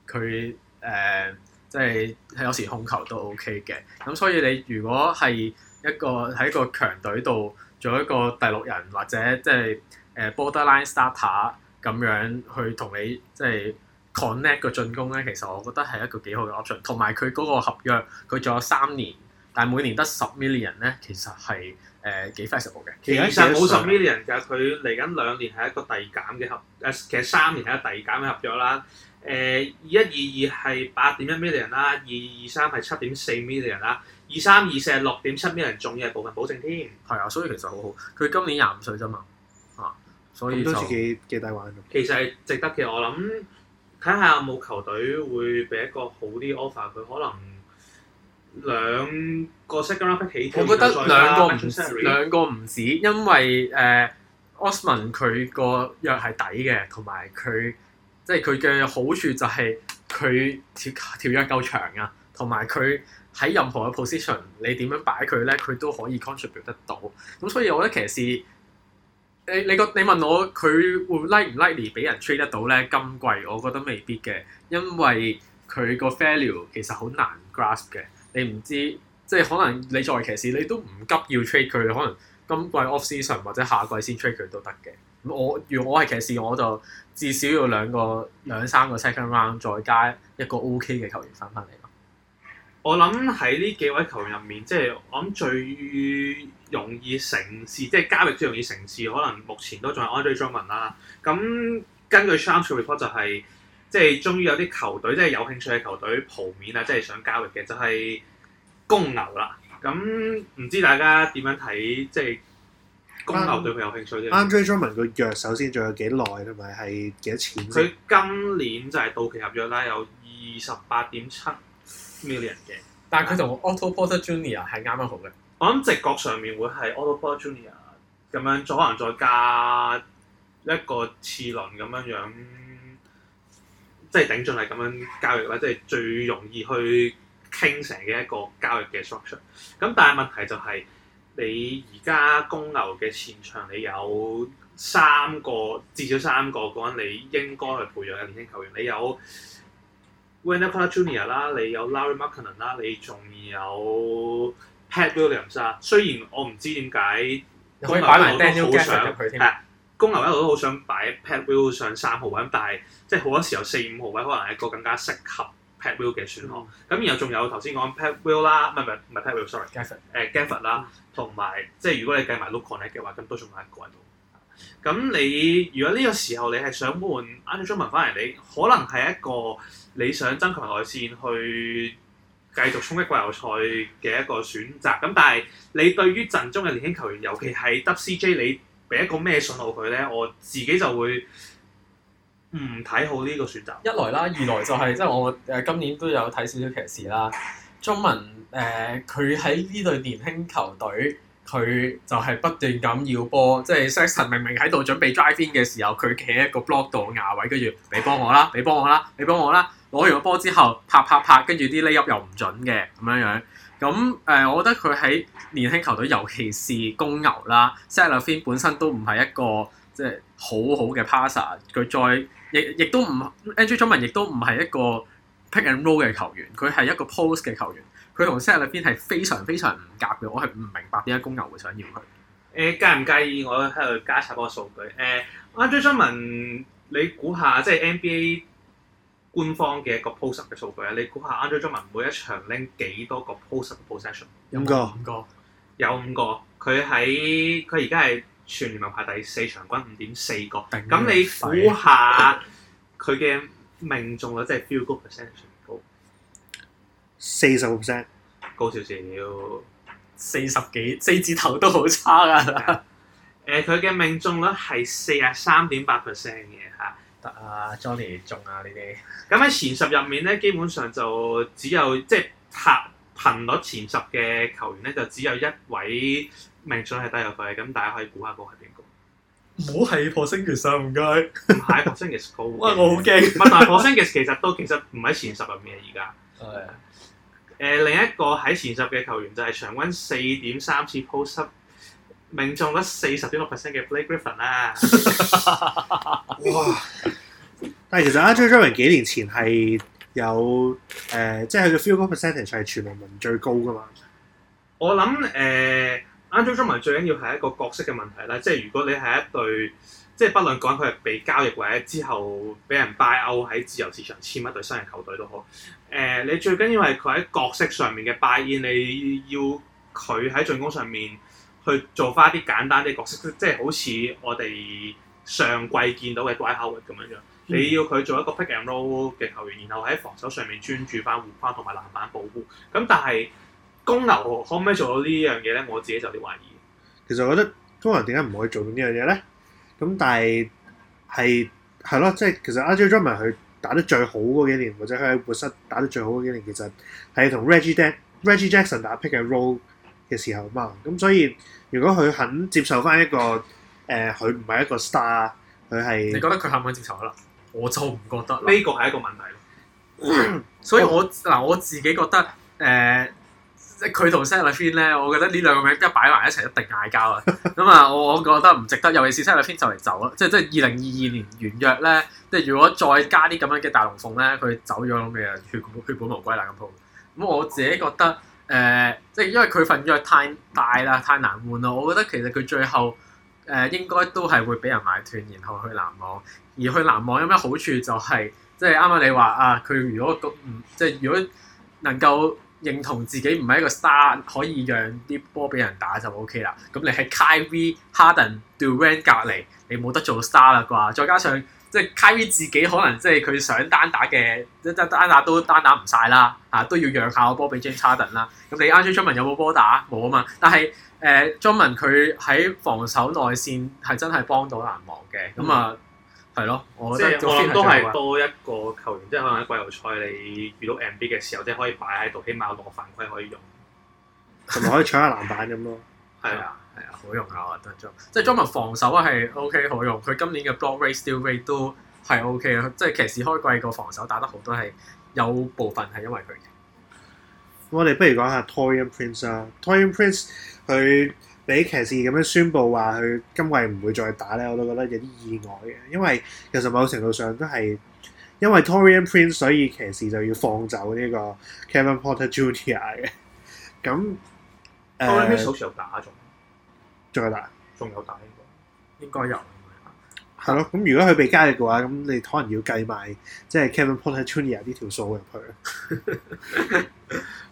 佢誒、呃、即係有時控球都 OK 嘅。咁所以你如果係一個喺個強隊度做一個第六人，或者即係。誒 borderline starter 咁樣去同你即係 connect 個進攻咧，其實我覺得係一個幾好嘅 option。同埋佢嗰個合約，佢仲有三年，但係每年得十 million 咧，其實係誒幾 feasible 嘅。呃、其實冇十 million 㗎，佢嚟緊兩年係一個遞減嘅合誒，其實三年係一個遞減嘅合約啦。誒、呃，一二二係八點一 million 啦，二二三係七點四 million 啦，二三二四係六點七 million，仲要係部分保證添。係啊，所以其實好好。佢今年廿五歲啫嘛。所以都自己幾大玩其實係值得嘅，我諗睇下有冇球隊會俾一個好啲 offer，佢可能兩個我覺得兩個唔、啊、兩個唔止、啊、止，因為誒、呃、Osman 佢個約係抵嘅，同埋佢即係佢嘅好處就係佢條條約夠長啊，同埋佢喺任何嘅 position，你點樣擺佢咧，佢都可以 contribute 得到。咁所以我覺得騎士。你你個你問我佢會 like 唔 like 嚟俾人 trade 得到咧？今季我覺得未必嘅，因為佢個 value 其實好難 grasp 嘅。你唔知即係可能你作為騎士，你都唔急要 trade 佢，可能今季 off season 或者下季先 trade 佢都得嘅。咁我如果我係騎士，我就至少要兩個兩三個 second round 再加一個 OK 嘅球員翻翻嚟。我諗喺呢幾位球員入面，即係我諗最容易成事，即係交易最容易成事，可能目前都仲係 Andre Drummond 啦。咁根據 Shams report 就係，即係終於有啲球隊即係有興趣嘅球隊浮面啊，即係想交易嘅就係公牛啦。咁唔知大家點樣睇？即係公牛對佢有興趣啲。Andre Drummond 個約首先仲有幾耐同埋係幾多錢？佢今年就係到期合約啦，有二十八點七。million 嘅，但係佢同 Otto Porter Jr 係啱啱好嘅。我諗直覺上面會係 Otto Porter Jr 咁樣，再可能再加一個次輪咁樣樣，即係頂進嚟咁樣交易啦，即係最容易去傾成嘅一個交易嘅 structure。咁但係問題就係你而家公牛嘅前場你有三個，至少三個嗰陣，你應該去培養嘅年輕球員，你有。Wendell Carter Junior 啦，你有 Lauri Markkanen 啦，你仲有 Pat Williams 啊。雖然我唔知點解公牛一路都好想，佢係公牛一路都好想擺 Pat Will 上三號位，但係即係好多時候四五號位可能係一個更加適合 Pat Will 嘅選項。咁、嗯、然後仲有頭先講 Pat Will 啦，唔係唔係 Pat Will，sorry，誒 Gafford 啦，同埋、嗯、即係如果你計埋 Luke Kornet 嘅話，咁都仲有一個位度。咁、啊、你如果呢個時候你係想換 Andre Drummond 翻嚟，你可能係一個。你想增強內線去繼續衝擊季後賽嘅一個選擇，咁但係你對於陣中嘅年輕球員，尤其係 WCJ，你俾一個咩信號佢咧？我自己就會唔睇好呢個選擇。一來啦，二來就係即係我誒今年都有睇少少騎士啦，中文誒佢喺呢隊年輕球隊。佢就係不斷咁要波，即係 Sexton 明明喺度準備 drive in 嘅時候，佢企喺個 block 度牙位，跟住你幫我啦，你幫我啦，你幫我啦，攞完個波之後拍拍拍，跟住啲呢 lay up 又唔準嘅咁樣樣。咁誒、呃，我覺得佢喺年輕球隊，尤其是公牛啦 Zach LaVine 本身都唔係一個即係好好嘅 passer，佢再亦亦都唔 Andrew John 文亦都唔係一個 pick and roll 嘅球員，佢係一個 post 嘅球員。佢同塞勒邊係非常非常唔夾嘅，我係唔明白點解公牛會想要佢。誒、呃、介唔介意我喺度加插嗰個數據、呃、？Andrew Johnson，你估下即係 NBA 官方嘅一個 post 嘅數據啊？你估下 Andrew Johnson 每一場拎幾多個 post possession？五個，五個，有五個。佢喺佢而家係全聯盟排第四，場均五點四個。咁了你估下佢嘅命中率即係 field goal percentage？四十個 percent 高少少，四十幾，四字頭都好差噶。誒，佢嘅命中率係四十三點八 percent 嘅嚇。得啊，Johnny 中啊呢啲。咁喺前十入面咧，基本上就只有即係頻頻率前十嘅球員咧，就只有一位命中率係低過佢。咁大家可以估下嗰個係邊個？唔好係破星爵士唔該，唔係破星嘅 Scout。喂 我好驚，唔係破星嘅其實都其實唔喺前十入面啊而家。係。 誒、呃、另一個喺前十嘅球員就係場均四點三次 postup，命中率四十點六 percent 嘅 Blake Griffin 啦， 哇！但係其實 Andre Drummond 幾年前係有誒、呃，即係佢嘅 field goal percentage 係全聯盟最高噶嘛。我諗誒、呃、Andre Drummond 最緊要係一個角色嘅問題啦，即係如果你係一隊。即係不論講佢係被交易，或者之後俾人 Buy Out 喺自由市場籤一隊新人球隊都好。誒、呃，你最緊要係佢喺角色上面嘅扮演，你要佢喺進攻上面去做翻啲簡單啲角色，即係好似我哋上季見到嘅 Guy Howard 咁樣樣。嗯、你要佢做一個 Pick and Roll 嘅球員，然後喺防守上面專注翻護框同埋籃板保護。咁但係公牛可唔可以做到呢樣嘢咧？我自己就有啲懷疑。其實我覺得公牛點解唔可以做到呢樣嘢咧？咁、嗯、但係係係咯，即係其實阿 Joe Drummond 佢打得最好嗰幾年，或者佢喺活塞打得最好嗰幾年，其實係同 Reggie Jack Reggie Jackson 打 pick 嘅 role 嘅時候嘛。咁、嗯、所以如果佢肯接受翻一個誒，佢唔係一個 star，佢係，你覺得佢肯唔肯接受啦？我就唔覺得呢個係一個問題。嗯嗯、所以我嗱我，我自己覺得誒。呃即係佢同 Samuel Finn 咧，我覺得呢兩個名一擺埋一齊一定嗌交啊！咁啊，我我覺得唔值得。尤其是 Samuel Finn 就嚟走啦，即係即係二零二二年完約咧。即係如果再加啲咁樣嘅大龍鳳咧，佢走咗咁嘅，血血本無歸啦，咁咁我自己覺得誒、呃，即係因為佢份約太大啦，太難換啦。我覺得其實佢最後誒應該都係會俾人買斷，然後去籃網。而去籃網有咩好處就係、是，即係啱啱你話啊，佢如果唔即係如果能夠。能夠能夠能夠夠認同自己唔係一個沙，可以讓啲波俾人打就 OK 啦。咁你喺 Kyrie Harden Durant 隔離，你冇得做沙啦啩？再加上即係、就是、Kyrie 自己可能即係佢想單打嘅，一單打都單打唔晒啦嚇、啊，都要讓下個波俾 James Harden 啦。咁你 Andre Drummond 有冇波打？冇啊嘛。但係誒 Drummond 佢喺防守內線係真係幫到難忘嘅。咁啊～、嗯係咯，我覺得即係可都係多一個球員，即、就、係、是、可能喺季後賽你遇到 m b 嘅時候，即係可以擺喺度，起碼有個犯規可以用，同埋 可以搶下籃板咁咯。係 啊，係啊，好用啊，我覺得 Jo，即係 j o 防守啊，係 OK 好用。佢今年嘅 block rate steal rate 都係 OK 啊。即係騎士開季個防守打得好，多係有部分係因為佢嘅。我哋不如講下 Taurean Prince 啊，Taurean Prince 佢。俾騎士咁樣宣佈話佢今季唔會再打咧，我都覺得有啲意外嘅，因為其實某程度上都係因為 Taurean Prince，所以騎士就要放走呢個 Kevin Porter Jr 嘅 那。咁，Taurean Prince 好似又打咗，仲、呃、有，有打，仲有，有打應該應該有。係咯，咁 如果佢被交易嘅話，咁你可能要計埋即係 Kevin Porter Junior 呢條數入去，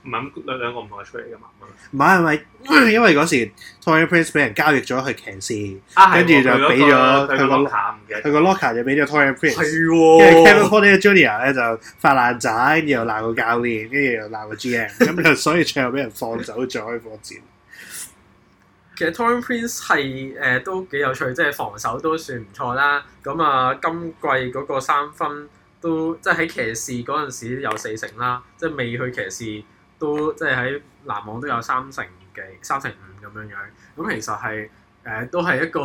唔係兩兩個唔同嘅出嚟噶嘛？唔係，係咪因為嗰時 Taurean Prince 俾人交易咗去騎士、啊，跟住着就俾咗佢個佢的個 locker、er、就俾咗 Taurean Prince，係，跟住、哦、Kevin Porter Junior 咧就發爛仔，然後鬧個教練，跟住又鬧個 GM，咁就 所以最後俾人放走咗火箭。其實 Taurean Prince 係誒、呃、都幾有趣，即係防守都算唔錯啦。咁啊，今季嗰個三分都即係喺騎士嗰陣時有四成啦，即係未去騎士都即係喺籃網都有三成幾、三成五咁樣樣。咁其實係誒、呃、都係一個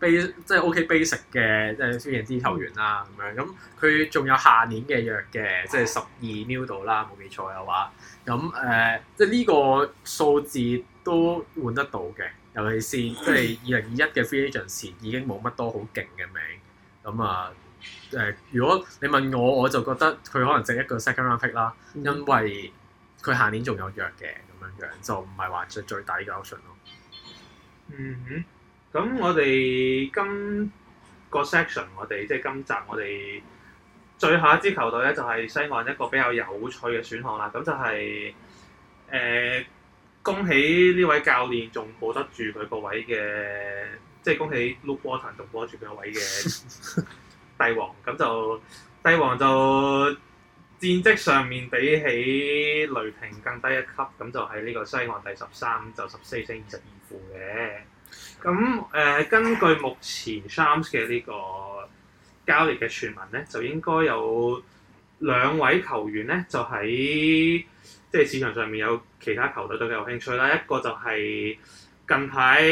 base 即係 OK basic 嘅即係超人之球員啦咁樣。咁佢仲有下年嘅約嘅，即係十二 million 度啦，冇記錯嘅話。咁誒、呃，即係呢個數字都換得到嘅。尤其是即係二零二一嘅 free agents 已經冇乜多好勁嘅名，咁啊誒、呃，如果你問我，我就覺得佢可能值一個 second round pick 啦，因為佢下年仲有約嘅咁樣樣，就唔係話最最抵嘅 option 咯。嗯哼，咁我哋今個 section 我哋即係今集我哋最後一支球隊咧，就係、是、西岸一個比較有趣嘅選項啦。咁就係、是、誒。呃恭喜呢位教練仲保得住佢個位嘅，即係恭喜 Luke Walton 仲保住佢個位嘅帝王。咁就帝王就戰績上面比起雷霆更低一級，咁就喺呢個西岸第十三，就十四勝二十二負嘅。咁、呃、誒，根據目前 Shams 嘅呢個交易嘅傳聞咧，就應該有兩位球員咧就喺。即係市場上面有其他球隊對佢有興趣啦，一個就係近排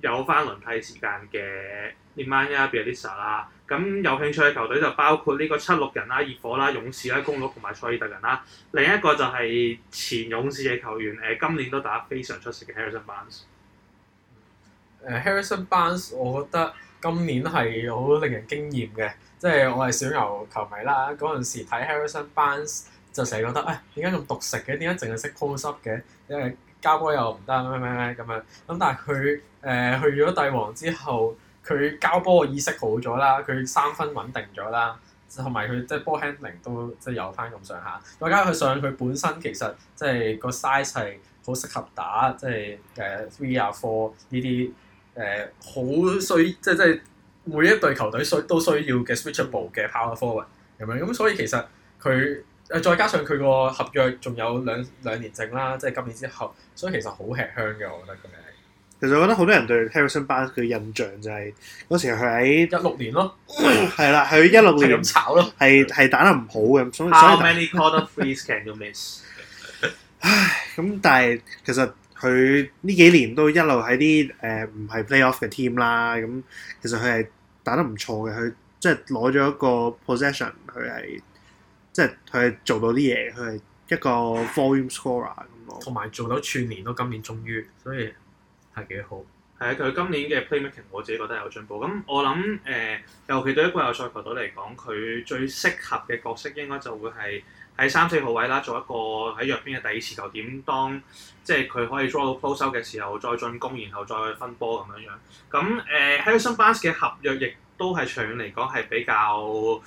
有翻輪替時間嘅 Nemanja Bjelica 啦，咁有興趣嘅球隊就包括呢個七六人啦、熱火啦、勇士啦、公鹿同埋賽爾特人啦，另一個就係前勇士嘅球員，誒、呃、今年都打得非常出色嘅、uh, Harrison Barnes 誒 Harrison Barnes 我覺得今年係好令人驚豔嘅，即係我係小牛球迷啦，嗰陣時睇 Harrison Barnes 就成日覺得唉，點解咁獨食嘅？點解淨係識 post up 嘅？因為交波又唔得咩咩咩咁樣。咁但係佢誒去咗帝王之後，佢交波嘅意識好咗啦，佢三分穩定咗啦，同埋佢即係波 handling 都即係有翻咁上下。再加上佢上佢本身其實即係個 size 係好適合打即係誒 three 啊 four 呢啲誒好需即係即係每一隊球隊需都需要嘅 switchable 嘅 power forward 咁樣。咁所以其實佢。再加上佢個合約仲有兩兩年剩啦，即係今年之後，所以其實好吃香嘅，我覺得佢係。其實我覺得好多人對 Harrison Barnes 嘅印象就係、是、嗰時佢喺一六年咯，係啦， 佢一六年咁炒咯，係係打得唔好嘅。How many corner can you miss？ 唉，咁但係其實佢呢幾年都一路喺啲誒唔係、呃、Playoff 嘅 team 啦，咁其實佢係打得唔錯嘅，佢即係攞咗一個 possession，佢係。即係佢做到啲嘢，佢係一個 volume scorer 咁咯。同埋做到串年咯，今年終於，所以係幾好。係啊，佢今年嘅 playmaking 我自己覺得有進步。咁我諗誒、呃，尤其對於季後賽球隊嚟講，佢最適合嘅角色應該就會係喺三四號位啦，做一個喺弱邊嘅第二次球點，當即係佢可以抓到 closeout 嘅時候再進攻，然後再分波咁樣樣。咁誒 Harrison Barnes 嘅合約亦都係長遠嚟講係比較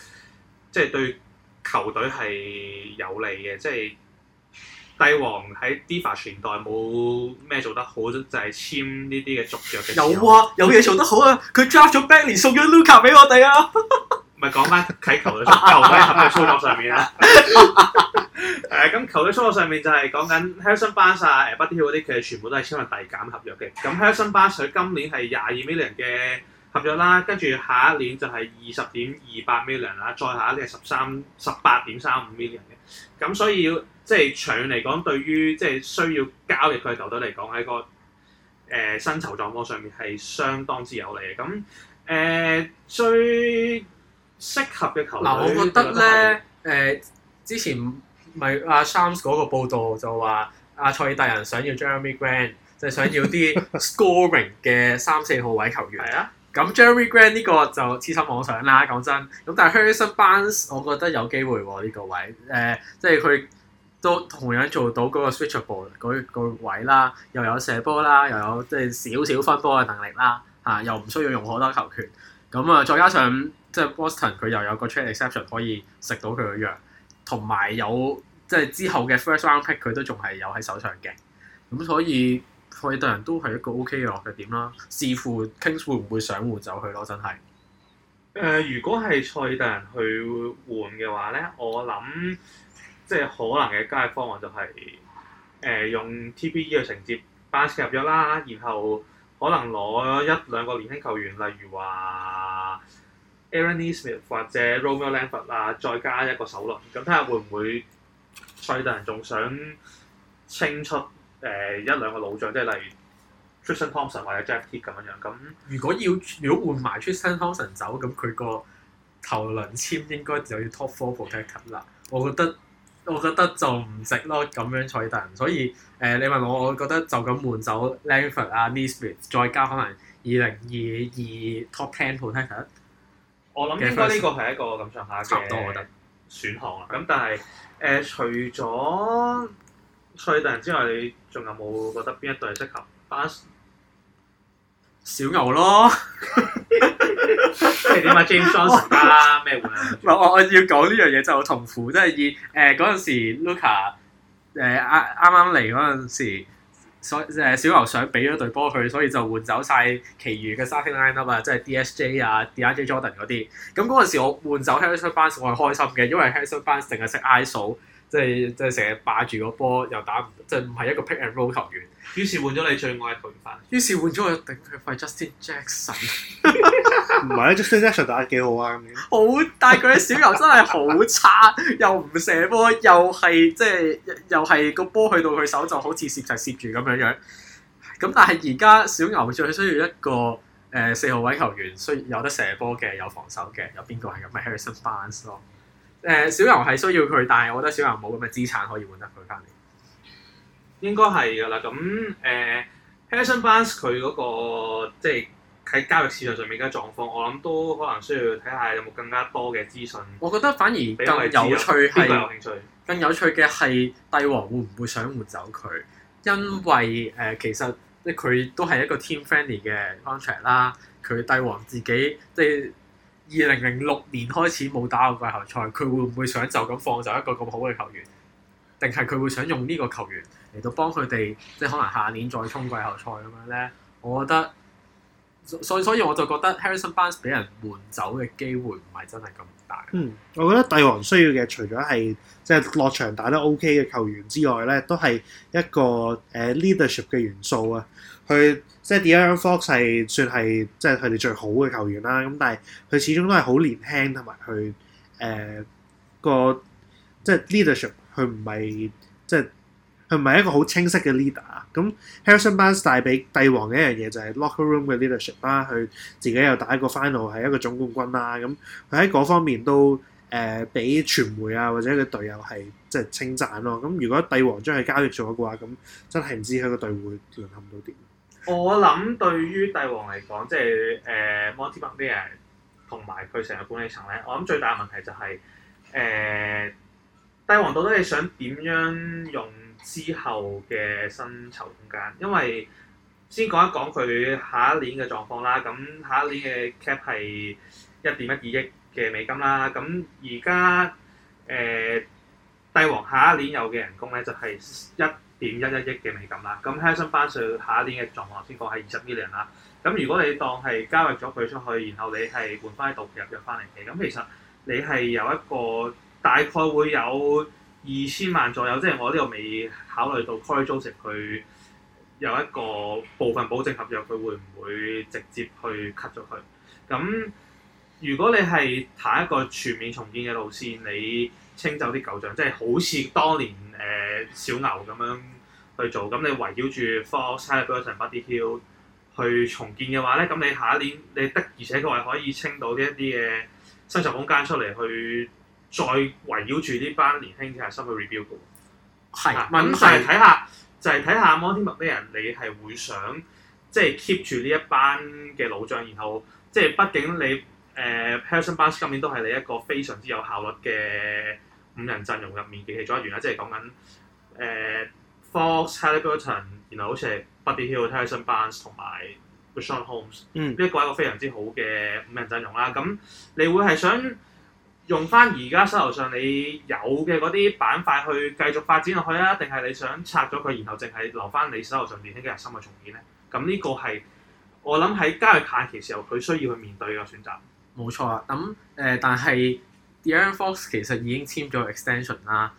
即係對。球隊係有利嘅，即係帝王喺 Divac e 年代冇咩做得好，就係、是、簽呢啲嘅續約嘅。有啊，有嘢做得好啊！佢 draft 咗 Bagley 送咗 Luka 俾我哋啊！唔係講翻睇球隊，球隊喺咩操作上面 啊？誒，咁球隊操作上面就係講緊 Harrison Barnes 誒、啊，Buddy Hield 嗰啲佢全部都係簽緊遞減合約嘅。咁 Harrison Barnes 佢今年係廿二 million 嘅。合咗啦，跟住下一年就係二十點二八 million 啦，再下一年十三十八點三五 million 嘅，咁所以要即係長遠嚟講，對於即係需要交易佢嘅球隊嚟講，喺個誒薪酬狀況上面係相當之有利嘅。咁誒、呃、最適合嘅球隊，嗱、啊，我覺得咧誒、呃、之前咪阿 Sam 嗰個報道就話阿賽爾大人想要 Jeremy Grant，就係想要啲 scoring 嘅三四號位球員，係 啊。咁 Jerry Grant 呢個就痴心妄想啦，講真。咁但係 Harrison Barnes 我覺得有機會喎呢，這個位，誒、呃，即係佢都同樣做到嗰個 switchable 嗰，那個那個位啦，又有射波啦，又有即係少少分波嘅能力啦，嚇、啊，又唔需要用好多球權。咁啊，再加上即係 Boston 佢又有個 trade exception 可以食到佢嘅藥，同埋有，有即係之後嘅 first round pick 佢都仲係有喺手上嘅，咁所以。賽爾特人都係一個 OK 嘅落腳點啦，視乎 Kings 會唔會想換走佢咯？真係。誒，如果係賽爾特人去換嘅話咧，我諗即係可能嘅交易方案就係、是、誒、呃、用 TPE 去承接巴斯合約啦，然後可能攞一兩個年輕球員，例如話 Aaron Nesmith 或者 Romeo Lambert 啊，再加一個首輪，咁睇下會唔會賽爾特人仲想清出？誒、呃、一兩個老將，即係例如 Tristan Thompson 或者 Jeff Teague 咁樣。咁如果要如果換埋 Tristan Thompson 走，咁佢個頭輪籤應該就要 Top Four Protector 啦。我覺得我覺得就唔值咯，咁樣取代。所以誒、呃，你問我，我覺得就咁換走 Langford 啊 Nesmith 再加可能二零二二 Top Ten Protector。我諗應該呢個係一個咁上下差唔多，我覺得選項啦。咁但係誒、呃，除咗。除突然之外，你仲有冇覺得邊一隊係適合？小牛咯，係點啊？James Harden 咩換？我我要講呢樣嘢真係好痛苦，即係以誒嗰陣時 Luka 誒啱啱嚟嗰陣時，所以小牛想俾咗隊波佢，所以就換走晒其餘嘅 starting line 啊嘛，up, 即係 DSJ 啊，DJ Jordan 嗰啲。咁嗰陣時我換走 Harrison Barnes 我係開心嘅，因為 Harrison Barnes 成日識 ISO。即係即係成日霸住個波又打唔，即係唔係一個 pick and roll 球員。於是換咗你最愛球員翻， 於是換咗我頂佢位 Justin Jackson。唔係啊，Justin Jackson 打得幾好啊好，但係佢小牛真係好差， 又唔射波，又係即係又係個波去到佢手就好似攝就攝住咁樣樣。咁但係而家小牛最需要一個誒、呃、四號位球員，需有得射波嘅，有防守嘅，有邊個係咁？係 Harrison Barnes 咯。誒、呃、小牛係需要佢，但係我覺得小牛冇咁嘅資產可以換得佢翻嚟，應該係㗎啦。咁誒、呃、Harrison Barnes 佢嗰、那個即係喺交易市場上面嘅狀況，我諗都可能需要睇下有冇更加多嘅資訊。我覺得反而比較有趣係，更有趣嘅係帝王會唔會想換走佢？因為誒、呃，其實即係佢都係一個 team friendly 嘅 contract 啦，佢帝王自己即係。二零零六年開始冇打過季後賽，佢會唔會想就咁放走一個咁好嘅球員？定係佢會想用呢個球員嚟到幫佢哋，即係可能下年再衝季後賽咁樣咧？我覺得，所以所以我就覺得 Harrison Barnes 俾人換走嘅機會唔係真係咁大。嗯，我覺得帝王需要嘅除咗係即係落場打得 OK 嘅球員之外咧，都係一個誒 leadership 嘅元素啊，去。即係 De'Aaron Fox 係算係即係佢哋最好嘅球員啦，咁但係佢始終都係好年輕，同埋佢誒個即係 leadership，佢唔係即係佢唔係一個好清晰嘅 leader 啊。咁 Harrison Barnes 帶俾帝，帝王嘅一樣嘢就係 locker room 嘅 leadership 啦，佢自己又打一個 final 係一個總冠軍啦，咁佢喺嗰方面都誒俾傳媒啊或者佢隊友係即係稱讚咯。咁如果帝王將佢交易咗嘅話，咁真係唔知佢個隊會淪陷到點。我諗對於帝王嚟講，即係誒 Monte McNair 同埋佢成個管理層咧，我諗最大嘅問題就係、是、誒、呃、帝王到底想點樣用之後嘅薪酬空間？因為先講一講佢下一年嘅狀況啦。咁下一年嘅 cap 係一點一二億嘅美金啦。咁而家誒帝王下一年有嘅人工咧就係、是、一點一一億嘅美金啦，咁 Harrison Barnes 下一年嘅狀況先講係二十億零啦。咁如果你當係交易咗佢出去，然後你係換翻啲到期入約翻嚟嘅，咁其實你係有一個大概會有二千萬左右，即係我呢度未考慮到 Cory Joseph 佢有一個部分保證合約，佢會唔會直接去 cut 咗佢？咁如果你係行一個全面重建嘅路線，你？清走啲舊將，即係好似當年誒、呃、小牛咁樣去做。咁你圍繞住 Fox、Taylor、Bosch Buddy Hill 去重建嘅話咧，咁你下一年你得，而且佢係可以清到一啲嘅、呃、薪金空間出嚟，去再圍繞住呢班年輕嘅核心去 rebuild 嘅喎。係是。咁就係睇下，就係、是、睇下 Monte McNair 人，你係會想即係、就是、keep 住呢一班嘅老將，然後即係、就是、畢竟你誒 Harrison Barnes 今年都係你一個非常之有效率嘅。五人陣容入面嘅其中一員啦，即係講緊誒 Fox Haliburton，然後好似係 Buddy Hield、Harrison、嗯、Barnes 同埋 Richaun Holmes，呢一個係一個非常之好嘅五人陣容啦。咁你會係想用翻而家手頭上你有嘅嗰啲板塊去繼續發展落去啊，定係你想拆咗佢，然後淨係留翻你手頭上年輕嘅人生嘅重現咧？咁呢個係我諗喺交易限期時候佢需要去面對嘅選擇。冇錯啊，咁誒、呃，但係。De'Aaron Fox 其實已經簽咗 extension 啦，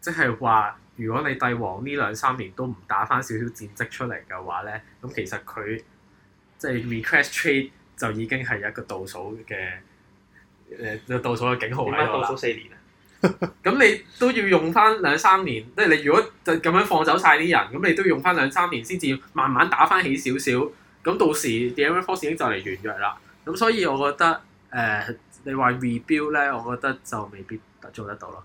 即係話如果你帝王呢兩三年都唔打翻少少戰績出嚟嘅話咧，咁其實佢即係、就是、request trade 就已經係一個倒數嘅誒，倒數嘅警號啦。倒數四年啊！咁 你都要用翻兩三年，即係你如果就咁樣放走晒啲人，咁你都要用翻兩三年先至慢慢打翻起少少，咁到時 De'Aaron Fox 已經就嚟完約啦。咁所以我覺得誒。呃你話 rebuild 咧，我覺得就未必做得到咯。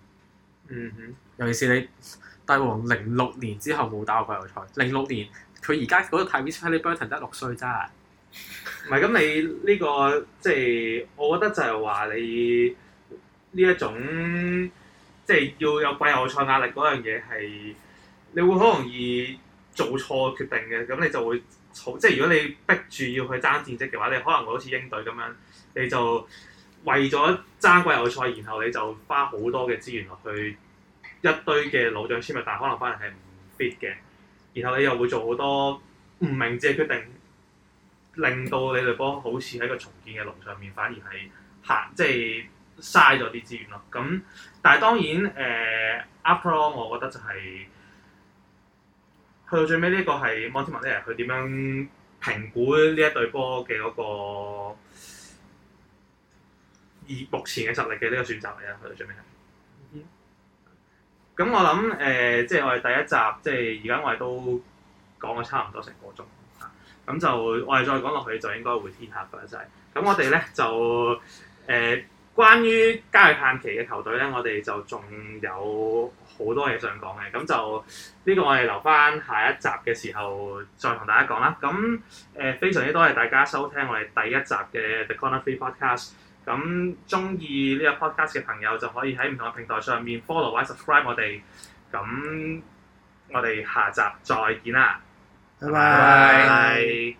嗯哼，尤其是你帝王，零六年之後冇打過季後賽，零六年佢而家嗰個泰瑞斯哈利伯頓得六歲咋？唔係咁，你呢個即係我覺得就係話你呢一種即係要有季後賽壓力嗰樣嘢係你會好容易做錯決定嘅。咁你就會好即係如果你逼住要去爭戰績嘅話，你可能會好似英隊咁樣，你就～為咗爭季後賽，然後你就花好多嘅資源落去一堆嘅老將簽入，但可能反而係唔 fit 嘅。然後你又會做好多唔明智嘅決定，令到你隊波好似喺個重建嘅路上面，反而係行即係嘥咗啲資源咯。咁但係當然誒，after all，我覺得就係、是、去到最尾呢個係 management 佢點樣評估呢一隊波嘅嗰個。以目前嘅實力嘅呢個選擇嚟啦，去到最尾係。咁、mm hmm。我諗誒、呃，即係我哋第一集，即係而家我哋都講咗差唔多成個鐘咁就我哋再講落去，就應該會天黑噶啦，就係、是。咁我哋咧就誒、呃，關於交易限期嘅球隊咧，我哋就仲有好多嘢想講嘅。咁就呢個我哋留翻下一集嘅時候再同大家講啦。咁誒、呃，非常之多謝大家收聽我哋第一集嘅 The Corner Three Podcast。咁中意呢個 podcast 嘅朋友就可以喺唔同嘅平台上面 follow 或 subscribe 我哋，咁我哋下集再見啦。拜拜。